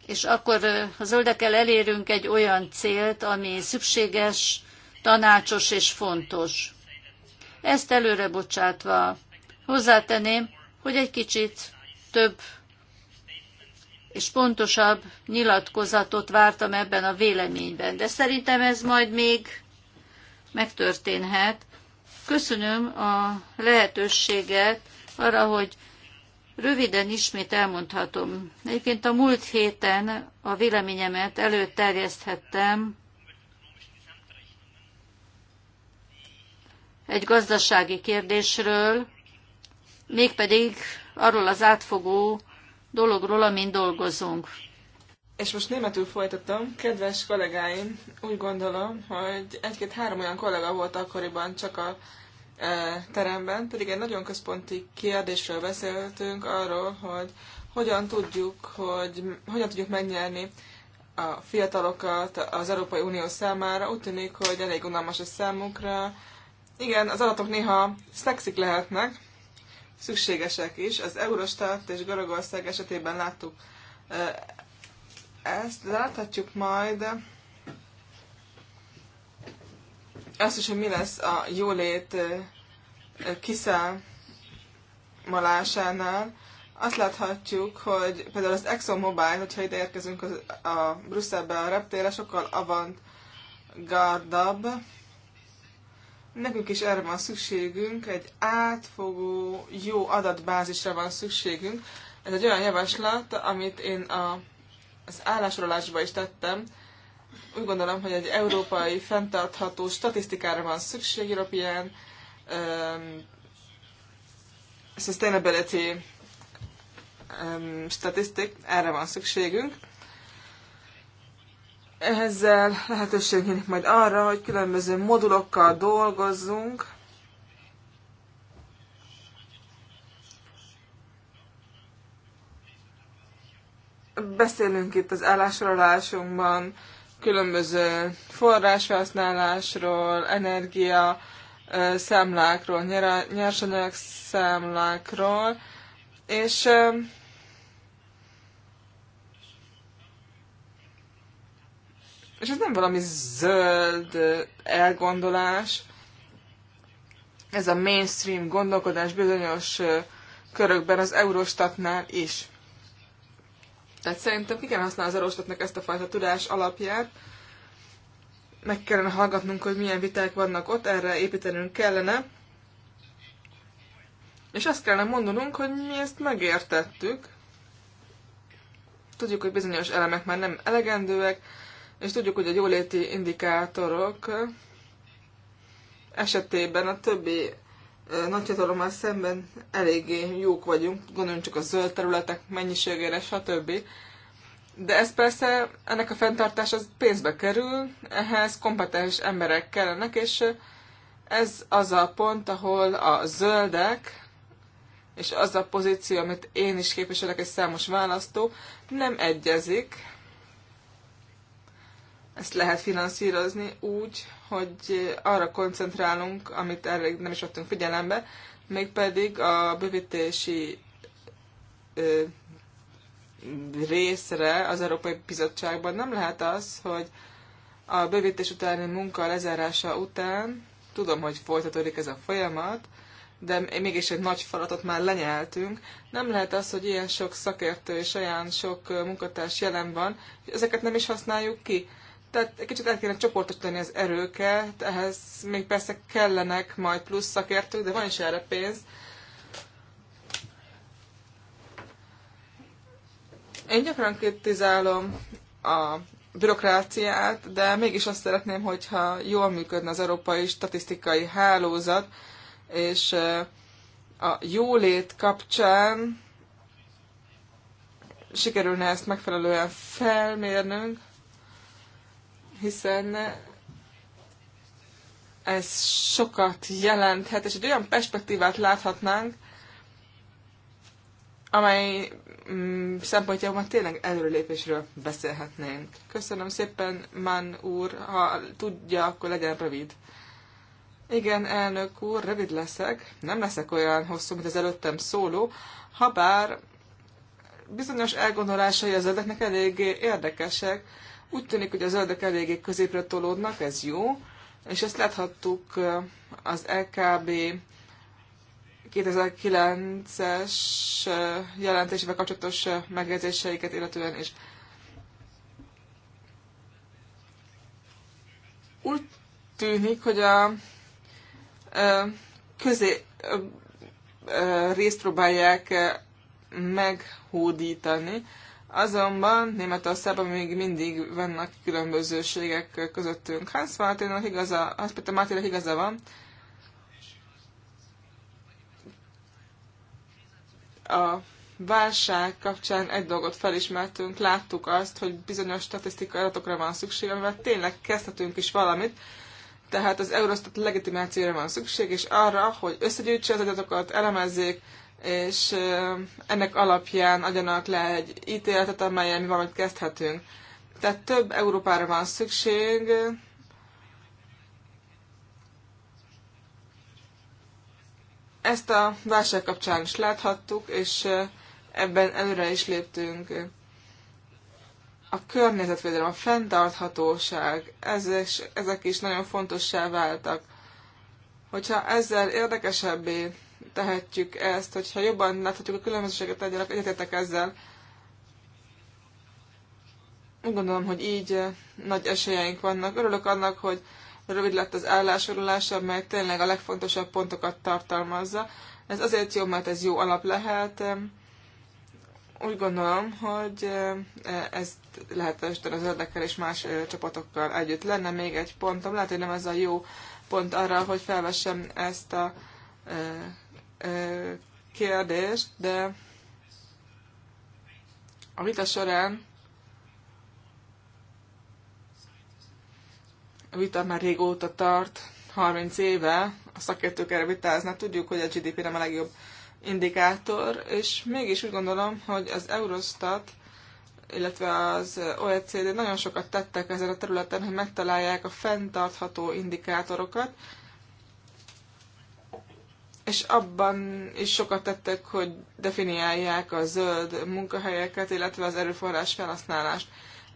és akkor a zöldekkel elérünk egy olyan célt, ami szükséges, tanácsos és fontos. Ezt előre bocsátva hozzátenném, hogy egy kicsit több és pontosabb nyilatkozatot vártam ebben a véleményben. De szerintem ez majd még megtörténhet. Köszönöm a lehetőséget arra, hogy röviden ismét elmondhatom. Egyébként a múlt héten a véleményemet előterjeszthettem egy gazdasági kérdésről, mégpedig arról az átfogó dologról, amin dolgozunk. És most németül folytatom. Kedves kollégáim, úgy gondolom, hogy egy-két-három olyan kollega volt akkoriban csak a e, teremben, pedig egy nagyon központi kérdésről beszéltünk arról, hogy hogyan tudjuk, hogy hogyan tudjuk megnyerni a fiatalokat az Európai Unió számára. Úgy tűnik, hogy elég unalmas a számukra. Igen, az adatok néha szexik lehetnek, szükségesek is. Az Eurostat és Görögország esetében láttuk ezt, de láthatjuk majd azt is, hogy mi lesz a jólét kiszámolásánál. Azt láthatjuk, hogy például az ExxonMobil, hogyha ide érkezünk a Brüsszelbe a reptére, sokkal gardabb Nekünk is erre van szükségünk, egy átfogó, jó adatbázisra van szükségünk. Ez egy olyan javaslat, amit én a, az állásolásba is tettem. Úgy gondolom, hogy egy európai fenntartható statisztikára van szükség, European um, Sustainability um, Statistic, erre van szükségünk ezzel lehetőség nyílik majd arra, hogy különböző modulokkal dolgozzunk, Beszélünk itt az állásolásunkban, különböző forrásfelhasználásról, energia, számlákról, nyersanyag számlákról, és És ez nem valami zöld elgondolás, ez a mainstream gondolkodás bizonyos körökben az Eurostatnál is. Tehát szerintem igen használ az Eurostatnak ezt a fajta tudás alapját. Meg kellene hallgatnunk, hogy milyen viták vannak ott, erre építenünk kellene. És azt kellene mondanunk, hogy mi ezt megértettük. Tudjuk, hogy bizonyos elemek már nem elegendőek, és tudjuk, hogy a jóléti indikátorok esetében a többi nagyhatalommal szemben eléggé jók vagyunk, gondoljunk csak a zöld területek mennyiségére, stb. De ez persze, ennek a fenntartás az pénzbe kerül, ehhez kompetens emberek kellenek, és ez az a pont, ahol a zöldek, és az a pozíció, amit én is képviselek, és számos választó, nem egyezik ezt lehet finanszírozni úgy, hogy arra koncentrálunk, amit erre nem is adtunk figyelembe, mégpedig a bővítési ö, részre az Európai Bizottságban nem lehet az, hogy a bővítés utáni munka lezárása után, tudom, hogy folytatódik ez a folyamat, de mégis egy nagy falatot már lenyeltünk. Nem lehet az, hogy ilyen sok szakértő és olyan sok munkatárs jelen van, hogy ezeket nem is használjuk ki. Tehát egy kicsit el kéne csoportosítani az erőket, ehhez még persze kellenek majd plusz szakértők, de van is erre pénz. Én gyakran kritizálom a bürokráciát, de mégis azt szeretném, hogyha jól működne az európai statisztikai hálózat, és eh, a jólét kapcsán sikerülne ezt megfelelően felmérnünk, hiszen ez sokat jelenthet, és egy olyan perspektívát láthatnánk, amely mm, szempontjából tényleg előrelépésről beszélhetnénk. Köszönöm szépen, Mann úr, ha tudja, akkor legyen rövid. Igen, elnök úr, rövid leszek, nem leszek olyan hosszú, mint az előttem szóló, habár bizonyos elgondolásai az ezeknek elég érdekesek, úgy tűnik, hogy a zöldek eléggé középre tolódnak, ez jó, és ezt láthattuk eh, az LKB 2009-es eh, jelentésével kapcsolatos eh, megjegyzéseiket illetően is. Úgy tűnik, hogy a közé részt próbálják meghódítani, Azonban Németországban még mindig vannak különbözőségek közöttünk. Hans Martinnak igaza, Hans Peter Martinnak igaza van. A válság kapcsán egy dolgot felismertünk, láttuk azt, hogy bizonyos statisztikai adatokra van szükség, mert tényleg kezdhetünk is valamit, tehát az Eurostat legitimációra van szükség, és arra, hogy összegyűjtse az adatokat, elemezzék, és ennek alapján adjanak le egy ítéletet, amelyen mi valamit kezdhetünk. Tehát több Európára van szükség, ezt a válság kapcsán is láthattuk, és ebben előre is léptünk. A környezetvédelem, a fenntarthatóság, ezek, ezek is nagyon fontossá váltak. Hogyha ezzel érdekesebbé tehetjük ezt, hogyha jobban láthatjuk a különbözőséget egyarak, egyetértek ezzel. Úgy gondolom, hogy így eh, nagy esélyeink vannak. Örülök annak, hogy rövid lett az állásorulása, mert tényleg a legfontosabb pontokat tartalmazza. Ez azért jó, mert ez jó alap lehet. Eh, úgy gondolom, hogy eh, ezt lehetősíteni az ördekkel és más csapatokkal együtt. Lenne még egy pontom, lehet, hogy nem ez a jó pont arra, hogy felvessem ezt a kérdést, de a vita során a vita már régóta tart, 30 éve, a szakértők erre vitáznak, tudjuk, hogy a GDP nem a legjobb indikátor, és mégis úgy gondolom, hogy az Eurostat, illetve az OECD nagyon sokat tettek ezen a területen, hogy megtalálják a fenntartható indikátorokat, és abban is sokat tettek, hogy definiálják a zöld munkahelyeket, illetve az erőforrás felhasználást.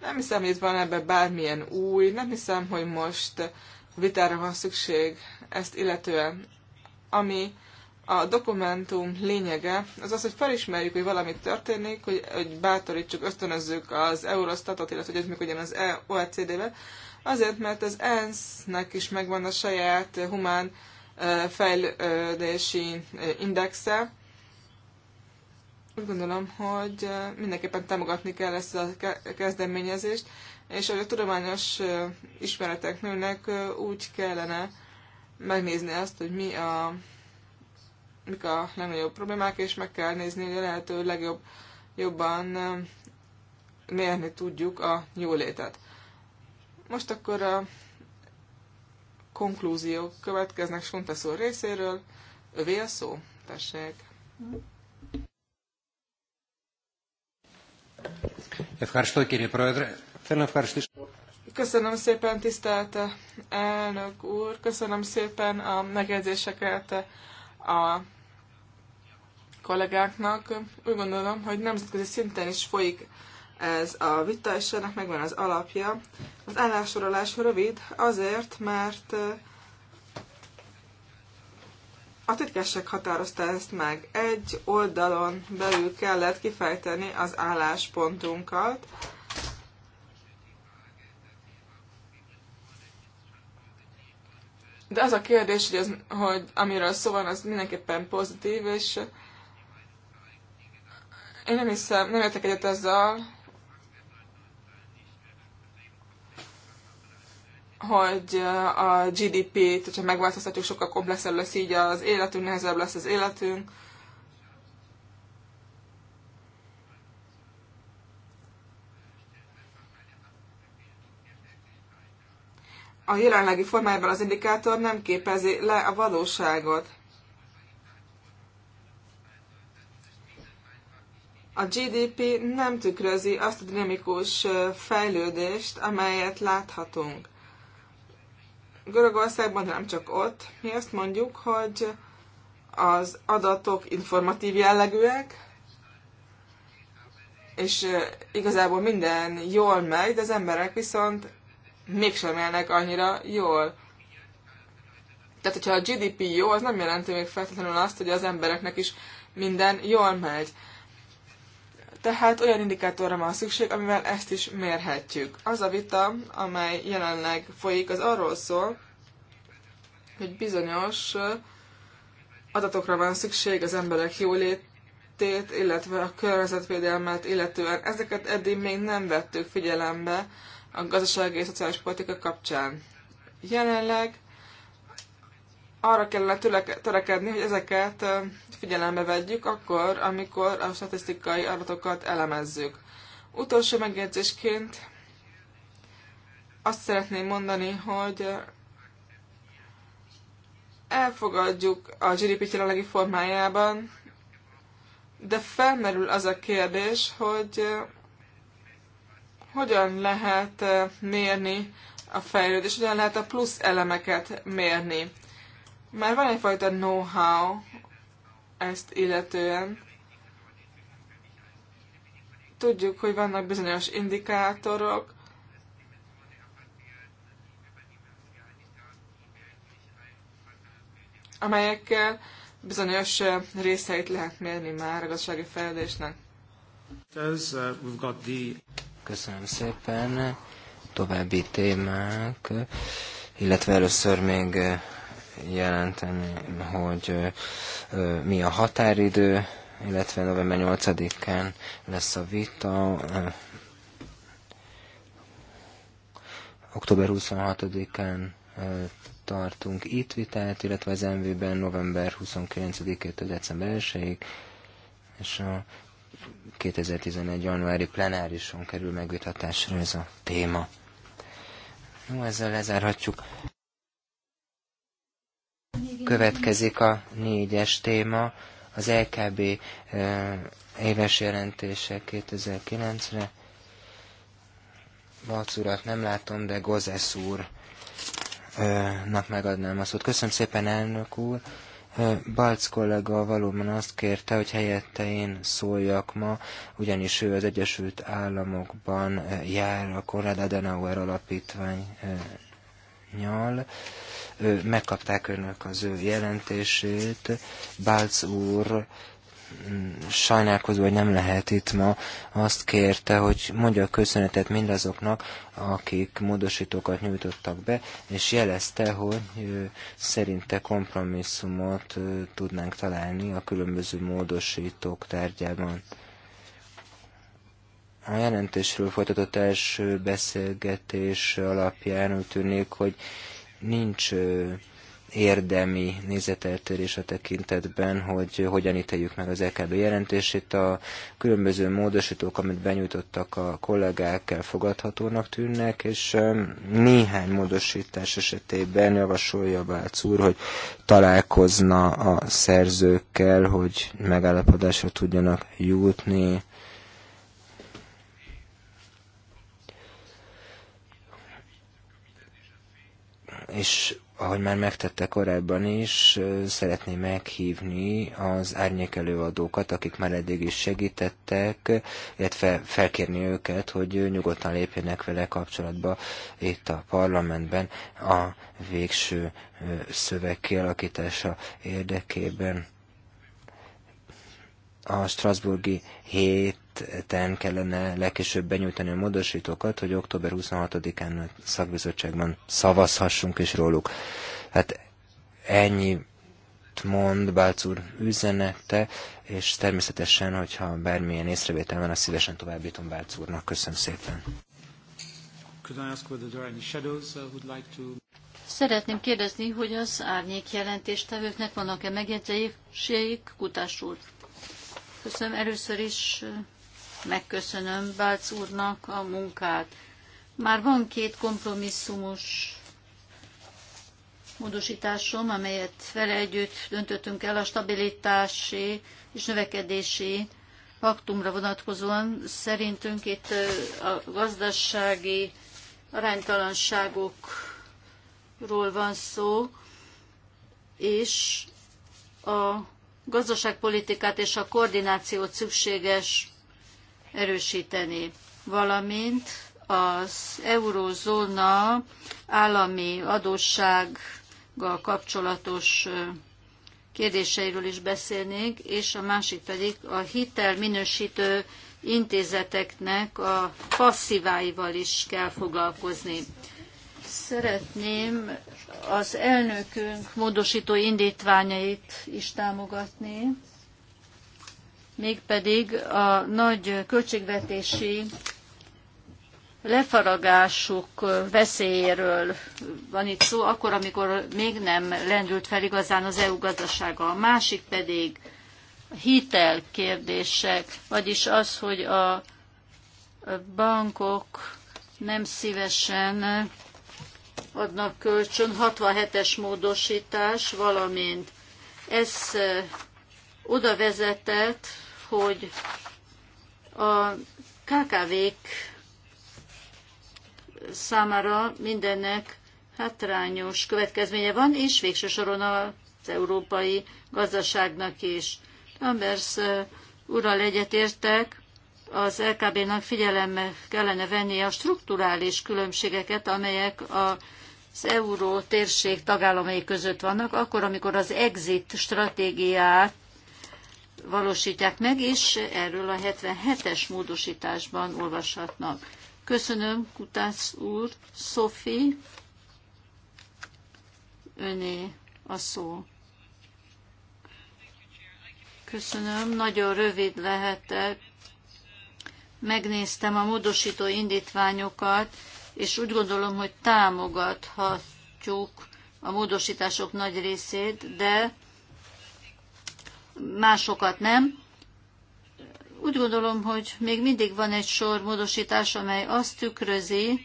Nem hiszem, hogy itt van ebben bármilyen új, nem hiszem, hogy most vitára van szükség ezt illetően. Ami a dokumentum lényege, az az, hogy felismerjük, hogy valami történik, hogy, hogy bátorítsuk, ösztönözzük az Eurostatot, illetve hogy ez működjön az e OECD-vel, azért, mert az ENSZ-nek is megvan a saját humán fejlődési indexe. Úgy gondolom, hogy mindenképpen támogatni kell ezt a kezdeményezést, és hogy a tudományos ismeretek nőnek, úgy kellene megnézni azt, hogy mi a, mik a legnagyobb problémák, és meg kell nézni, hogy a lehető legjobb jobban mérni tudjuk a jólétet. Most akkor a konklúziók következnek Suntasz részéről. Övé a szó, tessék. Köszönöm szépen, tisztelt elnök úr, köszönöm szépen a megjegyzéseket a kollégáknak. Úgy gondolom, hogy nemzetközi szinten is folyik ez a vita, és ennek megvan az alapja. Az állásorolás rövid azért, mert a titkesség határozta ezt meg. Egy oldalon belül kellett kifejteni az álláspontunkat, De az a kérdés, hogy, az, hogy amiről szó van, az mindenképpen pozitív, és én nem hiszem, nem értek egyet azzal, hogy a GDP-t, hogyha megváltoztatjuk, sokkal komplexebb lesz így az életünk, nehezebb lesz az életünk. A jelenlegi formájában az indikátor nem képezi le a valóságot. A GDP nem tükrözi azt a dinamikus fejlődést, amelyet láthatunk. Görögországban, nem csak ott. Mi azt mondjuk, hogy az adatok informatív jellegűek, és igazából minden jól megy, de az emberek viszont mégsem élnek annyira jól. Tehát, hogyha a GDP jó, az nem jelenti még feltétlenül azt, hogy az embereknek is minden jól megy. Tehát olyan indikátorra van szükség, amivel ezt is mérhetjük. Az a vita, amely jelenleg folyik, az arról szól, hogy bizonyos adatokra van szükség az emberek jólétét, illetve a környezetvédelmet illetően. Ezeket eddig még nem vettük figyelembe a gazdasági és szociális politika kapcsán. Jelenleg arra kellene törekedni, hogy ezeket figyelembe vegyük akkor, amikor a statisztikai adatokat elemezzük. Utolsó megjegyzésként azt szeretném mondani, hogy elfogadjuk a GDP jelenlegi formájában, de felmerül az a kérdés, hogy hogyan lehet mérni a fejlődést, hogyan lehet a plusz elemeket mérni. Már van egyfajta know-how ezt illetően. Tudjuk, hogy vannak bizonyos indikátorok, amelyekkel bizonyos részeit lehet mérni már a gazdasági fejlődésnek. Uh, Köszönöm szépen. További témák, illetve először még jelenteni, hogy mi a határidő, illetve november 8-án lesz a vita, október 26-án tartunk itt vitát, illetve az MV-ben november 29-től december 1-ig, és a 2011. januári plenárison kerül megvitatásra ez a téma. No, ezzel lezárhatjuk. Következik a négyes téma, az LKB éves jelentése 2009-re. Balc urat nem látom, de Gozesz úrnak megadnám a szót. Köszönöm szépen, elnök úr. Balc kollega valóban azt kérte, hogy helyette én szóljak ma, ugyanis ő az Egyesült Államokban jár a Konrad Adenauer alapítvány nyal Megkapták önök az ő jelentését. Bálc úr mm, sajnálkozó, hogy nem lehet itt ma, azt kérte, hogy mondja a köszönetet mindazoknak, akik módosítókat nyújtottak be, és jelezte, hogy szerinte kompromisszumot tudnánk találni a különböző módosítók tárgyában. A jelentésről folytatott első beszélgetés alapján úgy tűnik, hogy nincs érdemi nézeteltérés a tekintetben, hogy hogyan ítéljük meg az EKB jelentését. A különböző módosítók, amit benyújtottak a kollégák, elfogadhatónak tűnnek, és néhány módosítás esetében javasolja Bálc úr, hogy találkozna a szerzőkkel, hogy megállapodásra tudjanak jutni és ahogy már megtette korábban is, szeretném meghívni az árnyékelőadókat, akik már eddig is segítettek, illetve felkérni őket, hogy nyugodtan lépjenek vele kapcsolatba itt a parlamentben a végső szöveg kialakítása érdekében. A Strasburgi hét héten kellene legkésőbb benyújtani a módosítókat, hogy október 26-án a szakbizottságban szavazhassunk is róluk. Hát ennyi mond Bálc úr üzenete, és természetesen, hogyha bármilyen észrevétel van, azt szívesen továbbítom Bálc úrnak. Köszönöm szépen. Uh, Szeretném kérdezni, hogy az árnyék jelentéstevőknek vannak-e megjegyzéseik, Kutás úr? Köszönöm először is uh, megköszönöm Bálc úrnak a munkát. Már van két kompromisszumos módosításom, amelyet vele együtt döntöttünk el a stabilitási és növekedési paktumra vonatkozóan. Szerintünk itt a gazdasági aránytalanságokról van szó, és a gazdaságpolitikát és a koordinációt szükséges erősíteni, valamint az eurózóna állami adóssággal kapcsolatos kérdéseiről is beszélnék, és a másik pedig a minősítő intézeteknek a passziváival is kell foglalkozni. Szeretném az elnökünk módosító indítványait is támogatni, mégpedig a nagy költségvetési lefaragásuk veszélyéről van itt szó, akkor, amikor még nem lendült fel igazán az EU gazdasága. A másik pedig hitel kérdések, vagyis az, hogy a bankok nem szívesen adnak kölcsön, 67-es módosítás, valamint ez oda vezetett, hogy a KKV-k számára mindennek hátrányos következménye van, és végső soron az európai gazdaságnak is. ura ural egyetértek, az LKB-nak figyelembe kellene venni a strukturális különbségeket, amelyek az euró térség tagállamai között vannak, akkor, amikor az exit stratégiát valósítják meg, és erről a 77-es módosításban olvashatnak. Köszönöm, Kutász úr, Szofi, öné a szó. Köszönöm, nagyon rövid lehetek. Megnéztem a módosító indítványokat, és úgy gondolom, hogy támogathatjuk a módosítások nagy részét, de másokat nem. Úgy gondolom, hogy még mindig van egy sor módosítás, amely azt tükrözi,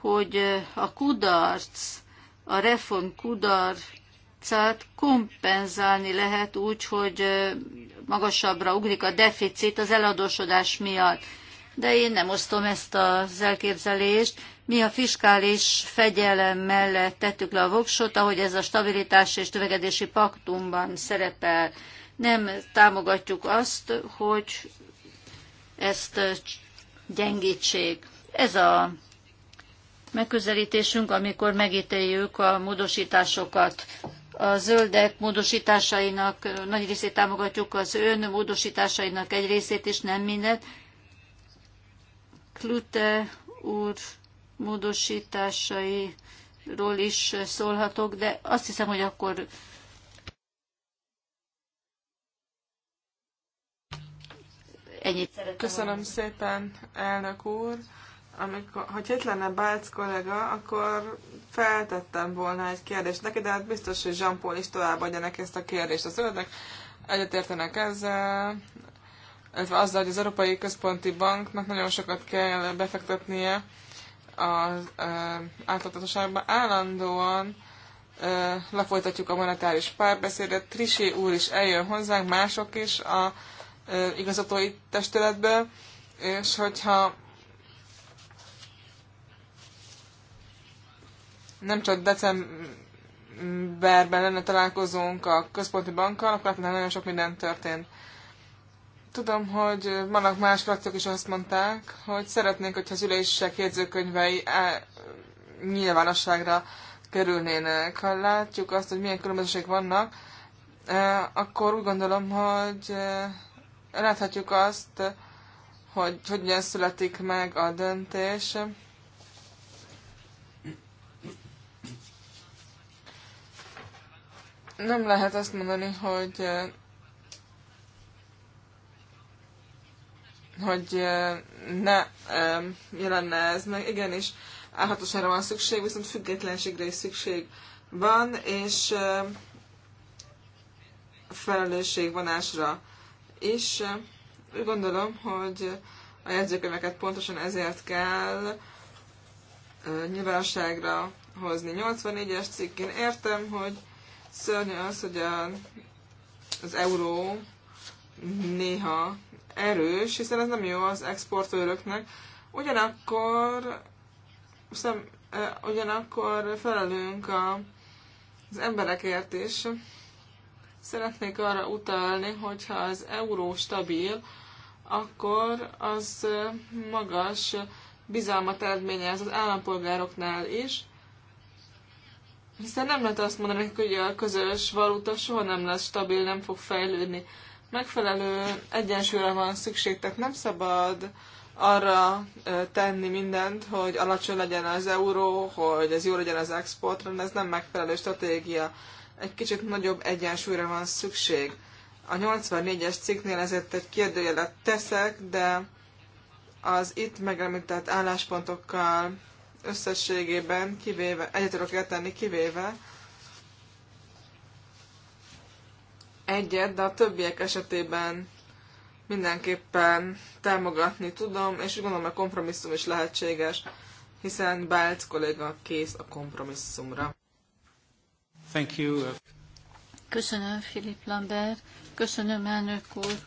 hogy a kudarc, a reform kudarcát kompenzálni lehet úgy, hogy magasabbra ugrik a deficit az eladósodás miatt. De én nem osztom ezt az elképzelést. Mi a fiskális fegyelem mellett tettük le a voksot, ahogy ez a stabilitás és növekedési paktumban szerepel. Nem támogatjuk azt, hogy ezt gyengítsék. Ez a megközelítésünk, amikor megítéljük a módosításokat. A zöldek módosításainak nagy részét támogatjuk, az ön módosításainak egy részét is, nem mindent. Klute úr módosításairól is szólhatok, de azt hiszem, hogy akkor Ennyit szeretném. Köszönöm szépen, elnök úr. Amikor, hogy itt lenne Bálc kollega, akkor feltettem volna egy kérdést neki, de hát biztos, hogy Jean-Paul is továbbadja neki ezt a kérdést. Az ördek egyetértenek ezzel, illetve azzal, hogy az Európai Központi Banknak nagyon sokat kell befektetnie az átláthatóságban. Állandóan lefolytatjuk a monetáris párbeszédet. Trisé úr is eljön hozzánk, mások is a igazatói testületbe, és hogyha nem csak decemberben lenne találkozónk a központi bankkal, akkor hát nagyon sok minden történt. Tudom, hogy vannak más frakciók is azt mondták, hogy szeretnénk, hogyha az ülések jegyzőkönyvei nyilvánosságra kerülnének. Ha látjuk azt, hogy milyen különbözőség vannak, akkor úgy gondolom, hogy Láthatjuk azt, hogy hogyan születik meg a döntés. Nem lehet azt mondani, hogy hogy ne jelenne ez meg. Igenis, állhatóságra van szükség, viszont függetlenségre is szükség van, és felelősségvonásra és úgy gondolom, hogy a jegyzőkönyveket pontosan ezért kell nyilvánosságra hozni. 84-es cikkén értem, hogy szörnyű az, hogy a, az euró néha erős, hiszen ez nem jó az exportőröknek. Ugyanakkor, szem, ugyanakkor felelünk a, az emberekért is, Szeretnék arra utalni, hogyha az euró stabil, akkor az magas bizalmat eredményez az állampolgároknál is, hiszen nem lehet azt mondani, hogy a közös valuta soha nem lesz stabil, nem fog fejlődni. Megfelelő egyensúlyra van szükség, tehát nem szabad arra tenni mindent, hogy alacsony legyen az euró, hogy ez jó legyen az exportra, ez nem megfelelő stratégia egy kicsit nagyobb egyensúlyra van szükség. A 84-es cikknél ezért egy kérdőjelet teszek, de az itt megemlített álláspontokkal összességében kivéve, egyet tudok érteni kivéve egyet, de a többiek esetében mindenképpen támogatni tudom, és úgy gondolom, a kompromisszum is lehetséges, hiszen Bálc kolléga kész a kompromisszumra. Thank you. Köszönöm, Filip Lambert. Köszönöm, elnök úr.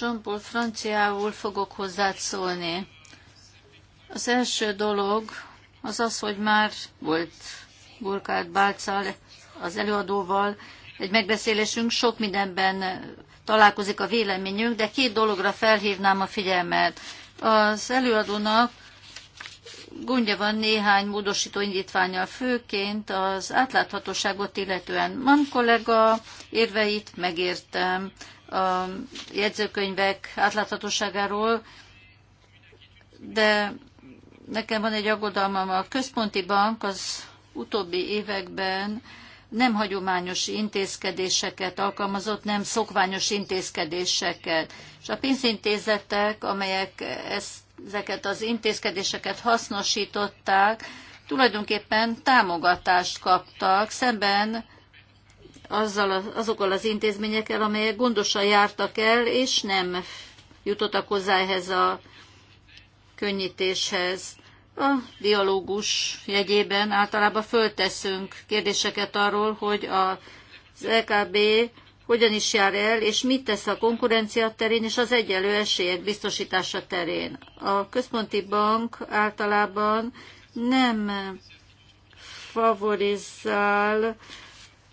Jean-Paul franciául fogok hozzád szólni. Az első dolog az az, hogy már volt Burkhard Bálccal, az előadóval egy megbeszélésünk, sok mindenben találkozik a véleményünk, de két dologra felhívnám a figyelmet. Az előadónak gondja van néhány módosító indítványal, főként az átláthatóságot illetően. Man kollega érveit megértem a jegyzőkönyvek átláthatóságáról, de nekem van egy aggodalmam. A központi bank az utóbbi években nem hagyományos intézkedéseket alkalmazott, nem szokványos intézkedéseket. És a pénzintézetek, amelyek ezt ezeket az intézkedéseket hasznosították, tulajdonképpen támogatást kaptak szemben azzal, azokkal az intézményekkel, amelyek gondosan jártak el, és nem jutottak hozzá ehhez a könnyítéshez. A dialógus jegyében általában fölteszünk kérdéseket arról, hogy az LKB hogyan is jár el, és mit tesz a konkurencia terén és az egyenlő esélyek biztosítása terén. A központi bank általában nem favorizál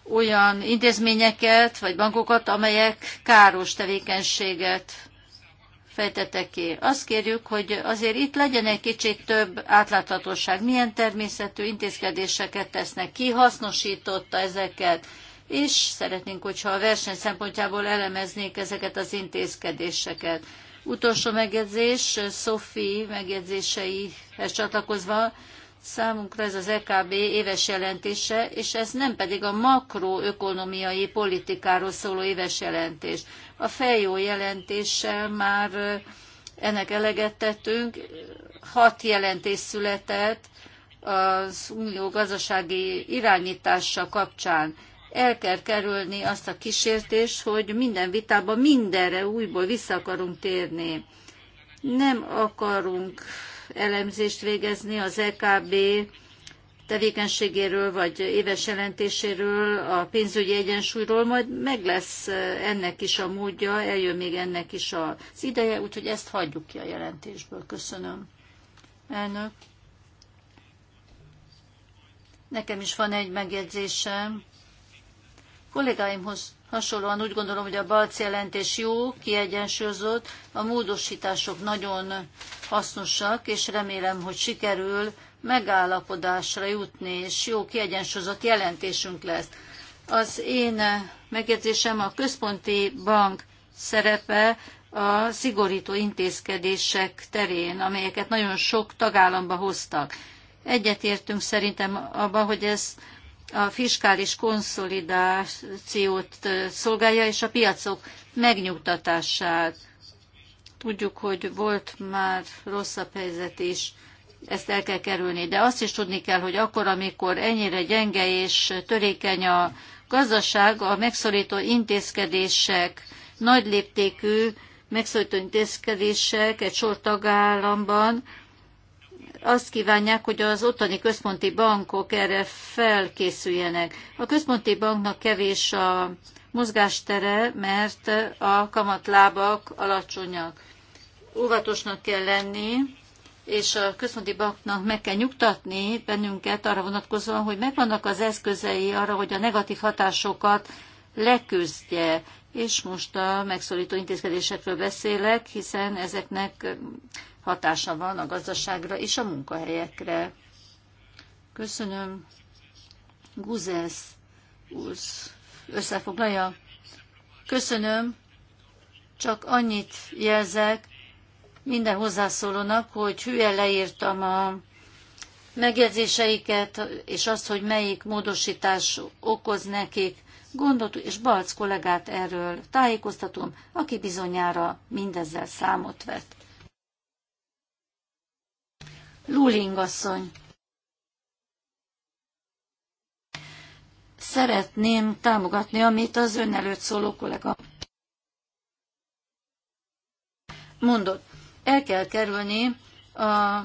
olyan intézményeket vagy bankokat, amelyek káros tevékenységet fejtettek ki. Azt kérjük, hogy azért itt legyen egy kicsit több átláthatóság. Milyen természetű intézkedéseket tesznek? Ki hasznosította ezeket? és szeretnénk, hogyha a verseny szempontjából elemeznék ezeket az intézkedéseket. Utolsó megjegyzés, Szofi megjegyzéseihez csatlakozva, számunkra ez az EKB éves jelentése, és ez nem pedig a makroökonomiai politikáról szóló éves jelentés. A feljó jelentéssel már ennek eleget tettünk, hat jelentés született az unió gazdasági irányítása kapcsán. El kell kerülni azt a kísértést, hogy minden vitában mindenre újból vissza akarunk térni. Nem akarunk elemzést végezni az EKB tevékenységéről vagy éves jelentéséről, a pénzügyi egyensúlyról, majd meg lesz ennek is a módja, eljön még ennek is az ideje, úgyhogy ezt hagyjuk ki a jelentésből. Köszönöm. Elnök. Nekem is van egy megjegyzésem. Kollégáimhoz hasonlóan úgy gondolom, hogy a balci jelentés jó, kiegyensúlyozott, a módosítások nagyon hasznosak, és remélem, hogy sikerül megállapodásra jutni, és jó kiegyensúlyozott jelentésünk lesz. Az én megjegyzésem a központi bank szerepe a szigorító intézkedések terén, amelyeket nagyon sok tagállamba hoztak. Egyetértünk szerintem abban, hogy ez a fiskális konszolidációt szolgálja, és a piacok megnyugtatását. Tudjuk, hogy volt már rosszabb helyzet is, ezt el kell kerülni. De azt is tudni kell, hogy akkor, amikor ennyire gyenge és törékeny a gazdaság, a megszorító intézkedések, nagy léptékű megszorító intézkedések egy sor tagállamban azt kívánják, hogy az ottani központi bankok erre felkészüljenek. A központi banknak kevés a mozgástere, mert a kamatlábak alacsonyak. Óvatosnak kell lenni, és a központi banknak meg kell nyugtatni bennünket arra vonatkozóan, hogy megvannak az eszközei arra, hogy a negatív hatásokat leküzdje. És most a megszorító intézkedésekről beszélek, hiszen ezeknek hatása van a gazdaságra és a munkahelyekre. Köszönöm. Guzesz úz összefoglalja. Köszönöm. Csak annyit jelzek minden hozzászólónak, hogy hülye leírtam a megjegyzéseiket, és azt, hogy melyik módosítás okoz nekik gondot, és Balc kollégát erről tájékoztatom, aki bizonyára mindezzel számot vett. Luling asszony. Szeretném támogatni, amit az ön előtt szóló kollega mondott. El kell kerülni a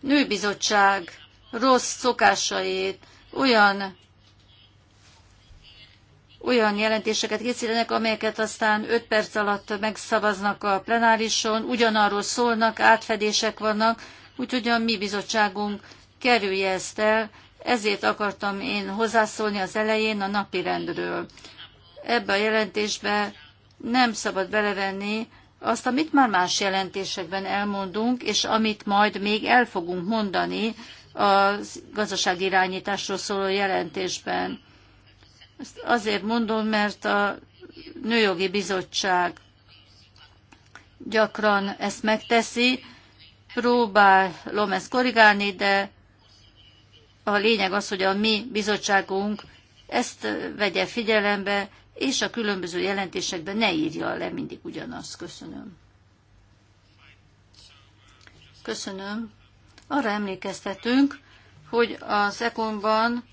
nőbizottság rossz szokásait, olyan olyan jelentéseket készítenek, amelyeket aztán 5 perc alatt megszavaznak a plenárison, ugyanarról szólnak, átfedések vannak, úgyhogy a mi bizottságunk kerülje ezt el, ezért akartam én hozzászólni az elején a napi rendről. Ebbe a jelentésbe nem szabad belevenni azt, amit már más jelentésekben elmondunk, és amit majd még el fogunk mondani a gazdaságirányításról szóló jelentésben. Ezt azért mondom, mert a Nőjogi Bizottság gyakran ezt megteszi, próbálom ezt korrigálni, de a lényeg az, hogy a mi bizottságunk ezt vegye figyelembe, és a különböző jelentésekben ne írja le mindig ugyanazt. Köszönöm. Köszönöm. Arra emlékeztetünk, hogy az szekonban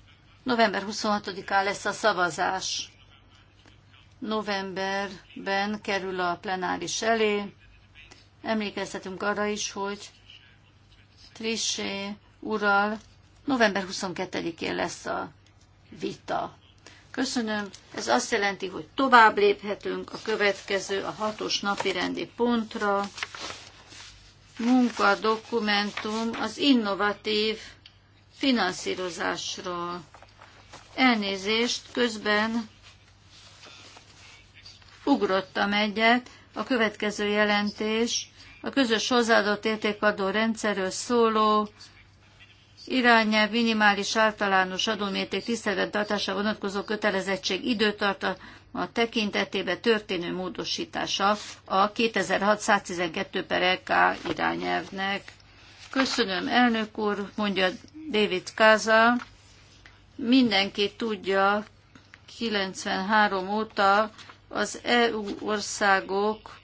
november 26-án lesz a szavazás. Novemberben kerül a plenáris elé, Emlékeztetünk arra is, hogy Trissé ural november 22-én lesz a vita. Köszönöm. Ez azt jelenti, hogy tovább léphetünk a következő, a hatos napi rendi pontra. dokumentum, az innovatív finanszírozásról. Elnézést, közben ugrottam egyet. A következő jelentés a közös hozzáadott értékadó rendszerről szóló irányelv minimális általános adómérték tiszteletben tartása vonatkozó kötelezettség időtartama tekintetében történő módosítása a 2612 per LK irányelvnek. Köszönöm, elnök úr, mondja David Kaza. Mindenki tudja, 93 óta az EU országok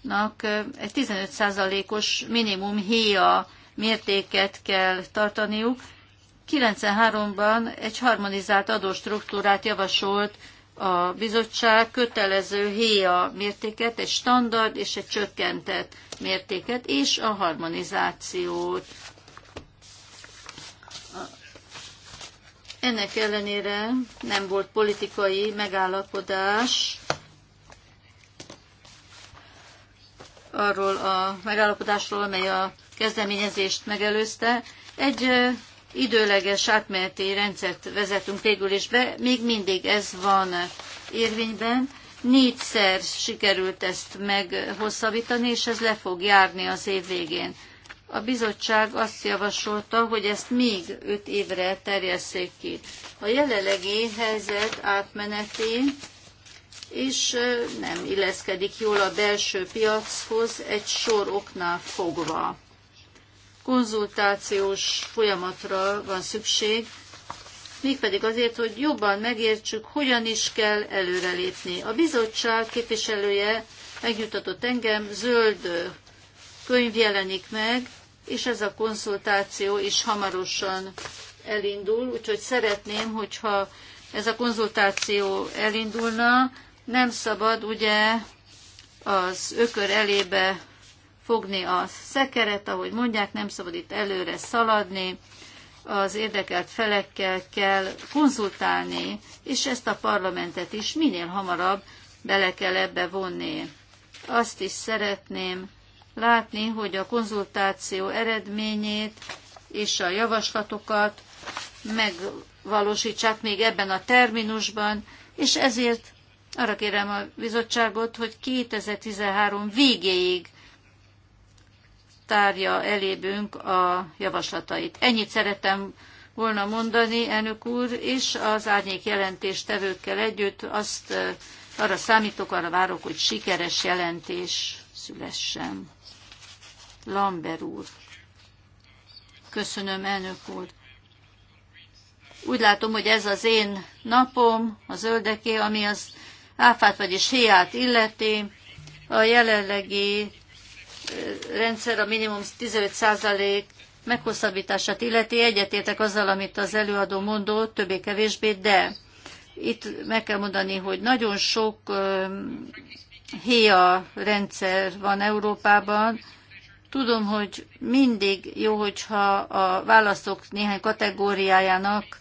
nak egy 15%-os minimum héja mértéket kell tartaniuk. 93-ban egy harmonizált adóstruktúrát javasolt a bizottság kötelező héja mértéket, egy standard és egy csökkentett mértéket, és a harmonizációt. Ennek ellenére nem volt politikai megállapodás arról a megállapodásról, amely a kezdeményezést megelőzte. Egy időleges átmeneti rendszert vezetünk végül is be, még mindig ez van érvényben. Négyszer sikerült ezt meghosszabbítani, és ez le fog járni az év végén. A bizottság azt javasolta, hogy ezt még öt évre terjesszék ki. A jelenlegi helyzet átmeneti, és nem illeszkedik jól a belső piachoz egy sor oknál fogva. Konzultációs folyamatra van szükség, mégpedig azért, hogy jobban megértsük, hogyan is kell előrelépni. A bizottság képviselője megnyugtatott engem, zöld könyv jelenik meg, és ez a konzultáció is hamarosan elindul, úgyhogy szeretném, hogyha ez a konzultáció elindulna, nem szabad ugye az ökör elébe fogni a szekeret, ahogy mondják, nem szabad itt előre szaladni, az érdekelt felekkel kell konzultálni, és ezt a parlamentet is minél hamarabb bele kell ebbe vonni. Azt is szeretném látni, hogy a konzultáció eredményét és a javaslatokat megvalósítsák még ebben a terminusban, és ezért arra kérem a bizottságot, hogy 2013 végéig tárja elébünk a javaslatait. Ennyit szeretem volna mondani, elnök úr, és az árnyék jelentés tevőkkel együtt azt arra számítok, arra várok, hogy sikeres jelentés szülessen. Lamber úr. Köszönöm, elnök úr. Úgy látom, hogy ez az én napom, a zöldeké, ami az áfát vagyis hiát illeti, a jelenlegi rendszer a minimum 15% meghosszabbítását illeti, egyetértek azzal, amit az előadó mondott, többé-kevésbé, de itt meg kell mondani, hogy nagyon sok héja rendszer van Európában. Tudom, hogy mindig jó, hogyha a választók néhány kategóriájának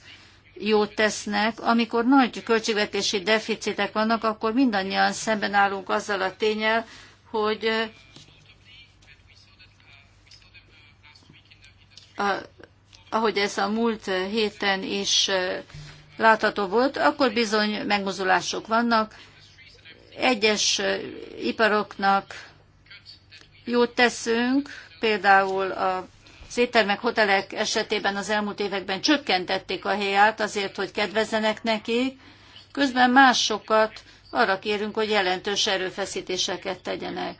jót tesznek. Amikor nagy költségvetési deficitek vannak, akkor mindannyian szemben állunk azzal a tényel, hogy a, ahogy ez a múlt héten is látható volt, akkor bizony megmozulások vannak. Egyes iparoknak jót teszünk, például a az éttermek, hotelek esetében az elmúlt években csökkentették a helyát azért, hogy kedvezzenek neki, közben másokat arra kérünk, hogy jelentős erőfeszítéseket tegyenek.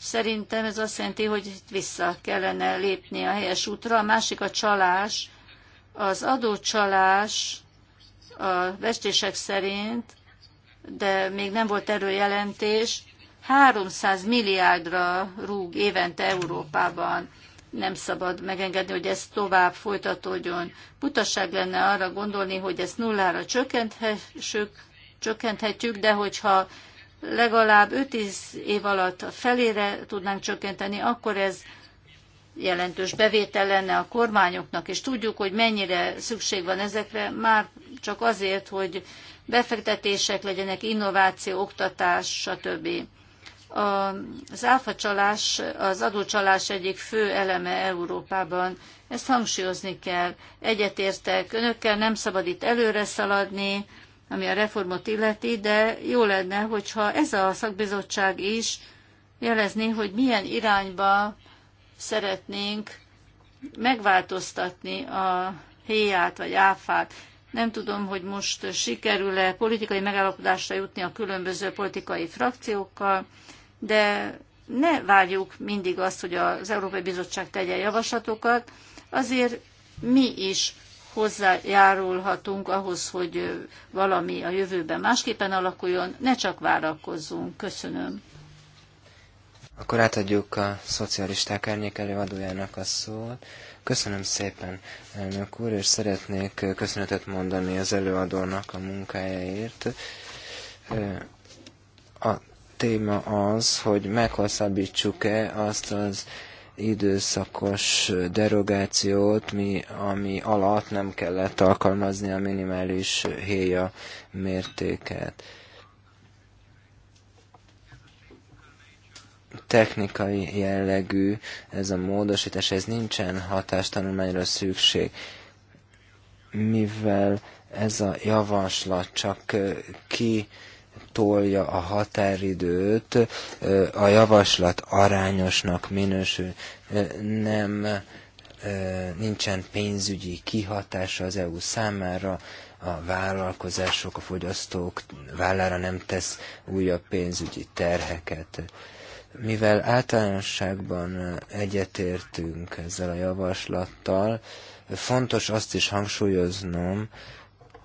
Szerintem ez azt jelenti, hogy vissza kellene lépni a helyes útra. A másik a csalás. Az adócsalás a vestések szerint, de még nem volt erről jelentés, 300 milliárdra rúg évente Európában nem szabad megengedni, hogy ez tovább folytatódjon. Butaság lenne arra gondolni, hogy ezt nullára csökkenthetjük, de hogyha legalább 5-10 év alatt felére tudnánk csökkenteni, akkor ez jelentős bevétel lenne a kormányoknak, és tudjuk, hogy mennyire szükség van ezekre, már csak azért, hogy befektetések legyenek, innováció, oktatás, stb. Az áfacsalás az adócsalás egyik fő eleme Európában. Ezt hangsúlyozni kell. Egyetértek önökkel, nem szabad itt előre szaladni, ami a reformot illeti, de jó lenne, hogyha ez a szakbizottság is jelezné, hogy milyen irányba szeretnénk megváltoztatni a héját vagy áfát. Nem tudom, hogy most sikerül-e politikai megállapodásra jutni a különböző politikai frakciókkal, de ne várjuk mindig azt, hogy az Európai Bizottság tegye javaslatokat, azért mi is hozzájárulhatunk ahhoz, hogy valami a jövőben másképpen alakuljon, ne csak várakozzunk. Köszönöm. Akkor átadjuk a szocialisták árnyék előadójának a szót. Köszönöm szépen, elnök úr, és szeretnék köszönetet mondani az előadónak a munkájáért. A téma az, hogy meghosszabbítsuk-e azt az időszakos derogációt, mi, ami alatt nem kellett alkalmazni a minimális héja mértéket. Technikai jellegű ez a módosítás, ez nincsen hatástanulmányra szükség, mivel ez a javaslat csak ki tolja a határidőt, a javaslat arányosnak minősül, nem nincsen pénzügyi kihatása az EU számára, a vállalkozások, a fogyasztók vállára nem tesz újabb pénzügyi terheket. Mivel általánosságban egyetértünk ezzel a javaslattal, fontos azt is hangsúlyoznom,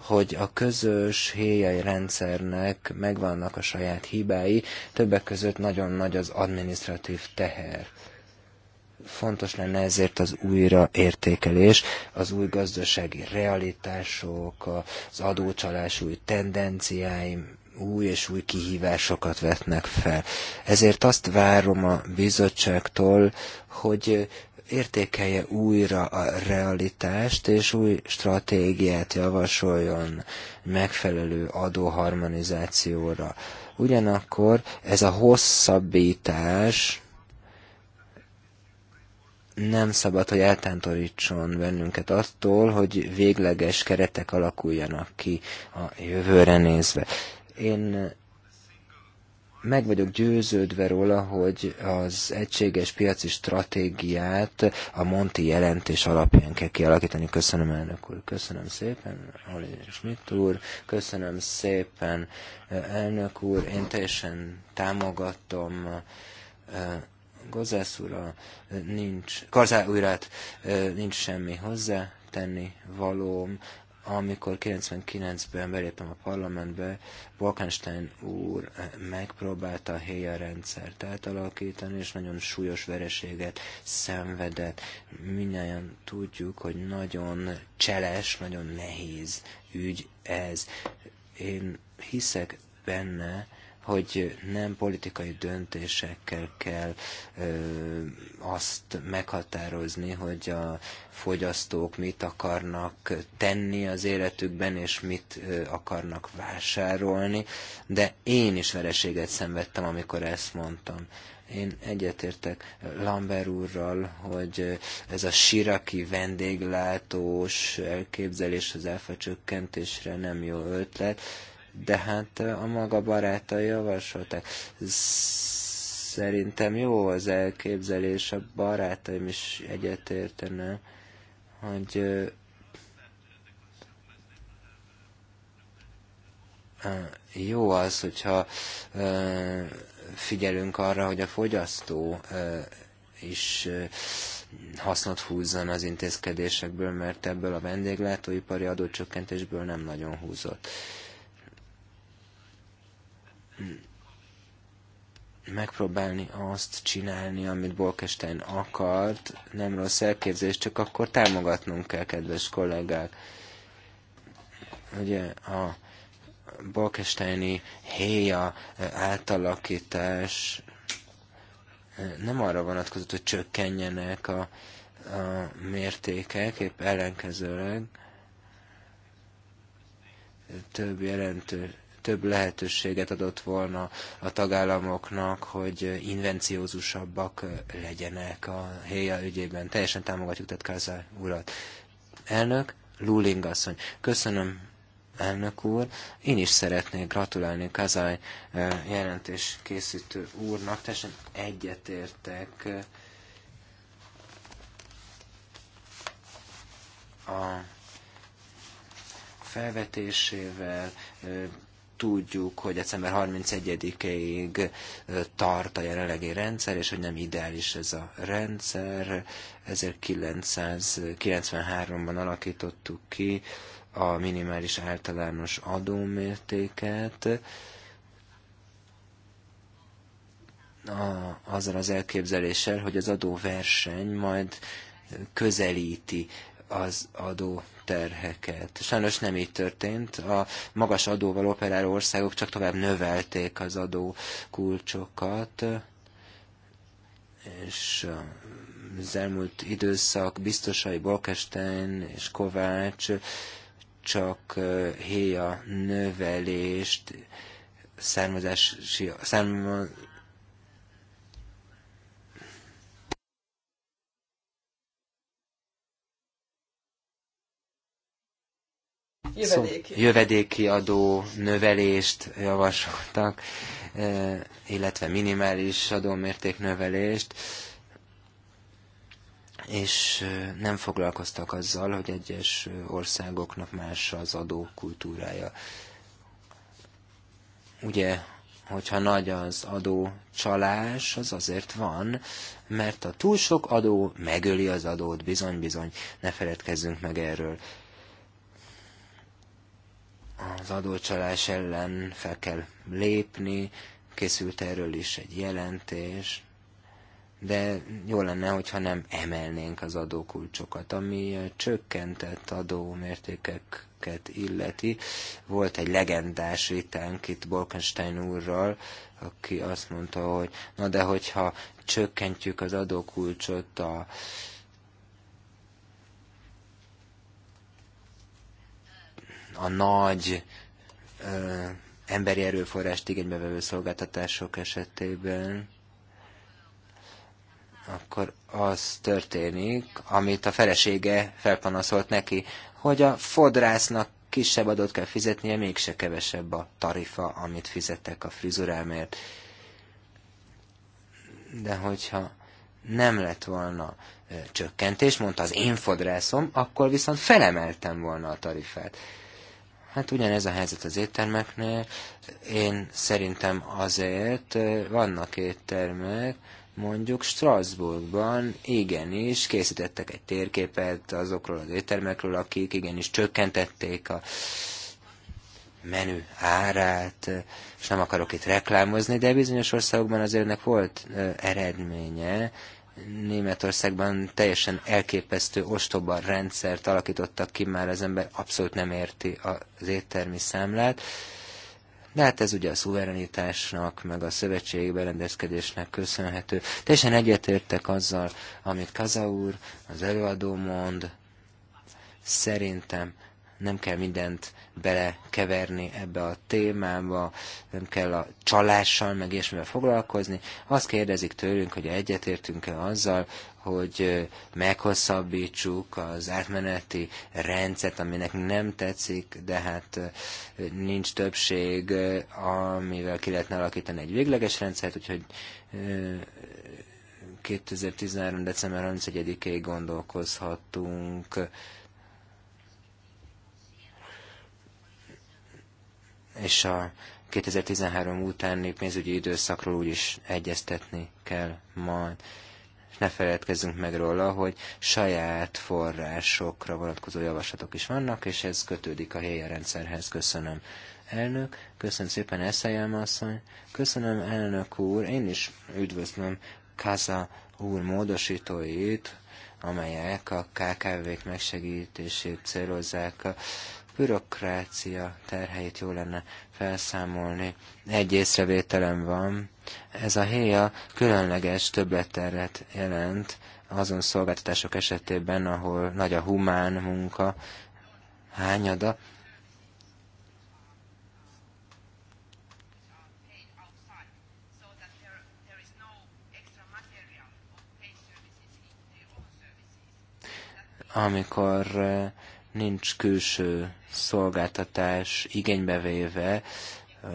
hogy a közös héjai rendszernek megvannak a saját hibái, többek között nagyon nagy az administratív teher. Fontos lenne ezért az újraértékelés, az új gazdasági realitások, az adócsalás új tendenciáim, új és új kihívásokat vetnek fel. Ezért azt várom a bizottságtól, hogy értékelje újra a realitást, és új stratégiát javasoljon megfelelő adóharmonizációra. Ugyanakkor ez a hosszabbítás nem szabad, hogy eltántorítson bennünket attól, hogy végleges keretek alakuljanak ki a jövőre nézve. Én meg vagyok győződve róla, hogy az egységes piaci stratégiát a Monti jelentés alapján kell kialakítani. Köszönöm elnök úr, köszönöm szépen, Oli Schmidt úr, köszönöm szépen elnök úr, én teljesen támogatom eh, Gozász úr, eh, nincs, Karzá újrát, eh, nincs semmi hozzá tenni valóm amikor 99-ben beléptem a parlamentbe, Wolkenstein úr megpróbálta a héja rendszert átalakítani, és nagyon súlyos vereséget szenvedett. Mindjárt tudjuk, hogy nagyon cseles, nagyon nehéz ügy ez. Én hiszek benne, hogy nem politikai döntésekkel kell ö, azt meghatározni, hogy a fogyasztók mit akarnak tenni az életükben, és mit ö, akarnak vásárolni, de én is vereséget szenvedtem, amikor ezt mondtam. Én egyetértek Lambert úrral, hogy ez a siraki vendéglátós elképzelés az elfacsökkentésre csökkentésre nem jó ötlet, de hát a maga barátai javasolta Szerintem jó az elképzelés, a barátaim is egyetértene, hogy jó az, hogyha figyelünk arra, hogy a fogyasztó is hasznot húzzon az intézkedésekből, mert ebből a vendéglátóipari adócsökkentésből nem nagyon húzott megpróbálni azt csinálni, amit Bolkestein akart, nem rossz elképzelés, csak akkor támogatnunk kell, kedves kollégák. Ugye a Bolkesteini héja eh, átalakítás eh, nem arra vonatkozott, hogy csökkenjenek a, a mértékek, épp ellenkezőleg több jelentős több lehetőséget adott volna a tagállamoknak, hogy invenciózusabbak legyenek a héja ügyében. Teljesen támogatjuk tehát Kázár urat. Elnök, Luling asszony. Köszönöm, elnök úr. Én is szeretnék gratulálni Kazaj eh, jelentés készítő úrnak. Teljesen egyetértek eh, a felvetésével, eh, Tudjuk, hogy december 31-ig tart a jelenlegi rendszer, és hogy nem ideális ez a rendszer. 1993-ban alakítottuk ki a minimális általános adómértéket, a, azzal az elképzeléssel, hogy az adóverseny majd közelíti az adó terheket. Sajnos nem így történt. A magas adóval operáló országok csak tovább növelték az adó kulcsokat, és az elmúlt időszak biztosai Bolkestein és Kovács csak héja növelést származási, származási jövedéki, jövedéki adó növelést javasoltak, e, illetve minimális adómérték növelést, és e, nem foglalkoztak azzal, hogy egyes országoknak más az adókultúrája. Ugye hogyha nagy az adócsalás, az azért van, mert a túl sok adó megöli az adót, bizony-bizony, ne feledkezzünk meg erről az adócsalás ellen fel kell lépni, készült erről is egy jelentés, de jó lenne, hogyha nem emelnénk az adókulcsokat, ami csökkentett adómértékeket illeti. Volt egy legendás vitánk itt Bolkenstein úrral, aki azt mondta, hogy na de hogyha csökkentjük az adókulcsot a a nagy ö, emberi erőforrást igénybe vevő szolgáltatások esetében, akkor az történik, amit a felesége felpanaszolt neki, hogy a fodrásznak kisebb adót kell fizetnie, mégse kevesebb a tarifa, amit fizettek a frizurámért. De hogyha nem lett volna csökkentés, mondta az én fodrászom, akkor viszont felemeltem volna a tarifát. Hát ugyanez a helyzet az éttermeknél. Én szerintem azért vannak éttermek, mondjuk Strasbourgban igenis készítettek egy térképet azokról az éttermekről, akik igenis csökkentették a menü árát, és nem akarok itt reklámozni, de bizonyos országokban azért ennek volt eredménye, Németországban teljesen elképesztő, ostoba rendszert alakítottak ki, már az ember abszolút nem érti az éttermi számlát. De hát ez ugye a szuverenitásnak, meg a szövetségi berendezkedésnek köszönhető. Teljesen egyetértek azzal, amit Kaza úr, az előadó mond. Szerintem nem kell mindent belekeverni ebbe a témába, nem kell a csalással, meg ilyesmivel foglalkozni. Azt kérdezik tőlünk, hogy egyetértünk-e azzal, hogy meghosszabbítsuk az átmeneti rendszert, aminek nem tetszik, de hát nincs többség, amivel ki lehetne alakítani egy végleges rendszert, úgyhogy 2013. december 31-ig gondolkozhatunk és a 2013 utáni pénzügyi időszakról úgyis egyeztetni kell majd. És ne feledkezzünk meg róla, hogy saját forrásokra vonatkozó javaslatok is vannak, és ez kötődik a helyi rendszerhez. Köszönöm. Elnök, köszönöm szépen, Eszejem asszony. Köszönöm, elnök úr. Én is üdvözlöm Kaza úr módosítóit, amelyek a KKV-k megsegítését célozzák a bürokrácia terheit jó lenne felszámolni. Egy észrevételem van, ez a héja különleges többletterret jelent azon szolgáltatások esetében, ahol nagy a humán munka hányada, amikor eh, nincs külső szolgáltatás igénybevéve,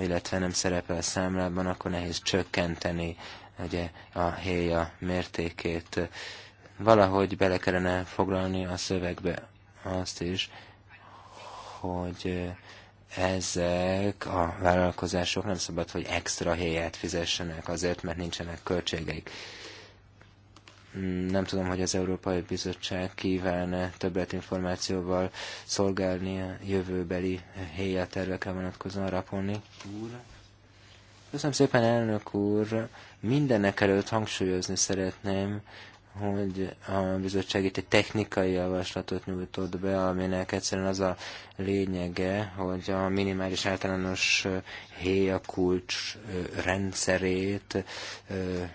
illetve nem szerepel a számlában, akkor nehéz csökkenteni ugye, a héja mértékét. Valahogy bele kellene foglalni a szövegbe azt is, hogy ezek a vállalkozások nem szabad, hogy extra héját fizessenek azért, mert nincsenek költségeik. Nem tudom, hogy az Európai Bizottság kívánne többet információval szolgálni a jövőbeli héja tervekre vonatkozóan rapolni. Köszönöm szépen, elnök úr! Mindenek előtt hangsúlyozni szeretném, hogy a bizottság itt egy technikai javaslatot nyújtott be, aminek egyszerűen az a lényege, hogy a minimális általános héjakulcs rendszerét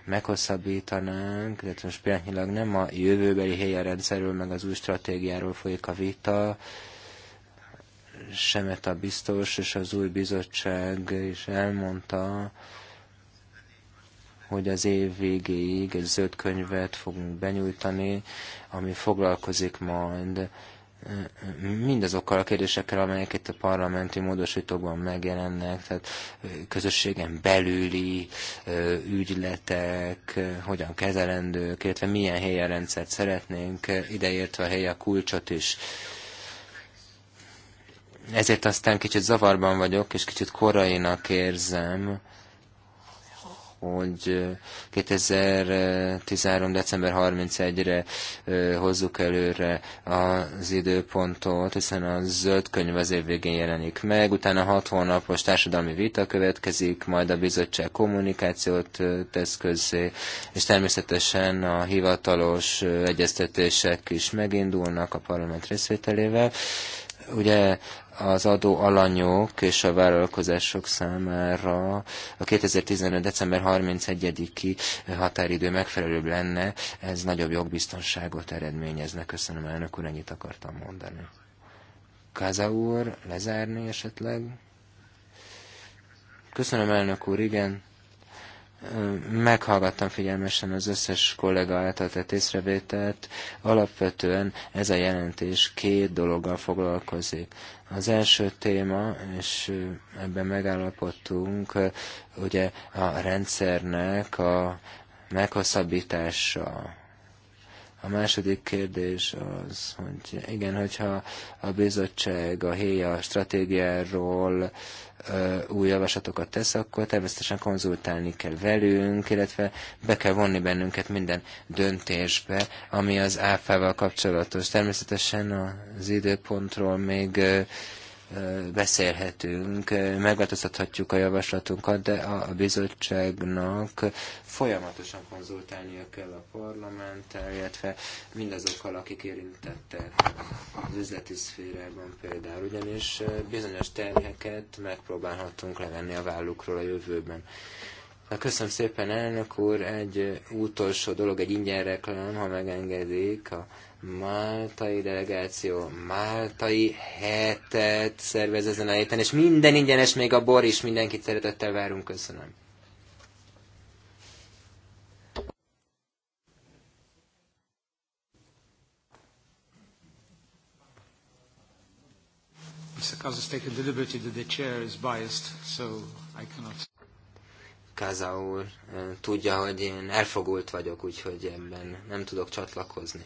meghosszabbítanánk, de most pillanatnyilag nem a jövőbeli héja rendszerről, meg az új stratégiáról folyik a vita, a biztos, és az új bizottság is elmondta, hogy az év végéig egy zöld könyvet fogunk benyújtani, ami foglalkozik majd mindazokkal a kérdésekkel, amelyek itt a parlamenti módosítókban megjelennek, tehát közösségen belüli ügyletek, hogyan kezelendők, illetve milyen helyen rendszert szeretnénk, ideértve a helye kulcsot is. Ezért aztán kicsit zavarban vagyok, és kicsit korainak érzem, hogy 2013. december 31-re hozzuk előre az időpontot, hiszen a zöld könyv az év végén jelenik meg, utána 6 hónapos társadalmi vita következik, majd a bizottság kommunikációt tesz közzé, és természetesen a hivatalos egyeztetések is megindulnak a parlament részvételével. Ugye az adó alanyok és a vállalkozások számára a 2015. december 31-i határidő megfelelőbb lenne, ez nagyobb jogbiztonságot eredményezne. Köszönöm, elnök úr, ennyit akartam mondani. Káza úr, lezárni esetleg? Köszönöm, elnök úr, igen meghallgattam figyelmesen az összes kollega által tett észrevételt. Alapvetően ez a jelentés két dologgal foglalkozik. Az első téma, és ebben megállapodtunk, ugye a rendszernek a meghosszabbítása, a második kérdés az, hogy igen, hogyha a bizottság a héja stratégiáról új javaslatokat tesz, akkor természetesen konzultálni kell velünk, illetve be kell vonni bennünket minden döntésbe, ami az áfával kapcsolatos. Természetesen az időpontról még beszélhetünk, megváltoztathatjuk a javaslatunkat, de a bizottságnak folyamatosan konzultálnia kell a parlamenttel, illetve mindazokkal, akik érintettek az üzleti szférában például, ugyanis bizonyos terheket megpróbálhatunk levenni a vállukról a jövőben. Köszönöm szépen, elnök úr. Egy utolsó dolog, egy ingyen reklám, ha megengedik. A máltai delegáció máltai hetet szervez ezen a héten, és minden ingyenes, még a bor is, mindenkit szeretettel várunk, köszönöm. Kaza's liberty that the chair is biased, so I cannot... Kaza úr eh, tudja, hogy én elfogult vagyok, úgyhogy ebben nem tudok csatlakozni.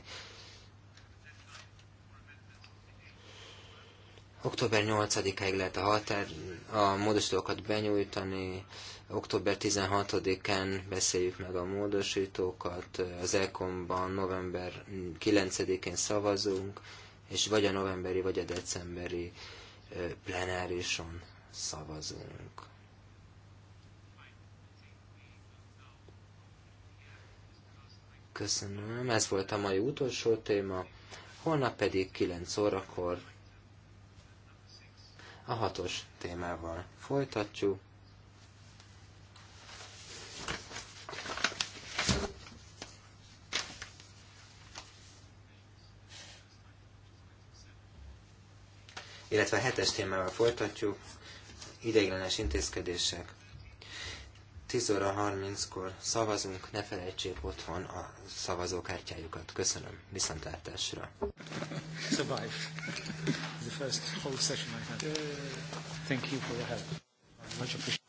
Október 8-áig lehet a határ, a módosítókat benyújtani, október 16-án beszéljük meg a módosítókat, az ECOM-ban november 9-én szavazunk, és vagy a novemberi, vagy a decemberi plenárison szavazunk. Köszönöm, ez volt a mai utolsó téma, holnap pedig 9 órakor a hatos témával folytatjuk. illetve a hetes témával folytatjuk, ideiglenes intézkedések. 10 óra 30-kor szavazunk, ne felejtsék otthon a szavazókártyájukat. Köszönöm, viszontlátásra! Survive! first whole session I had. Thank you for your help. Much appreciated.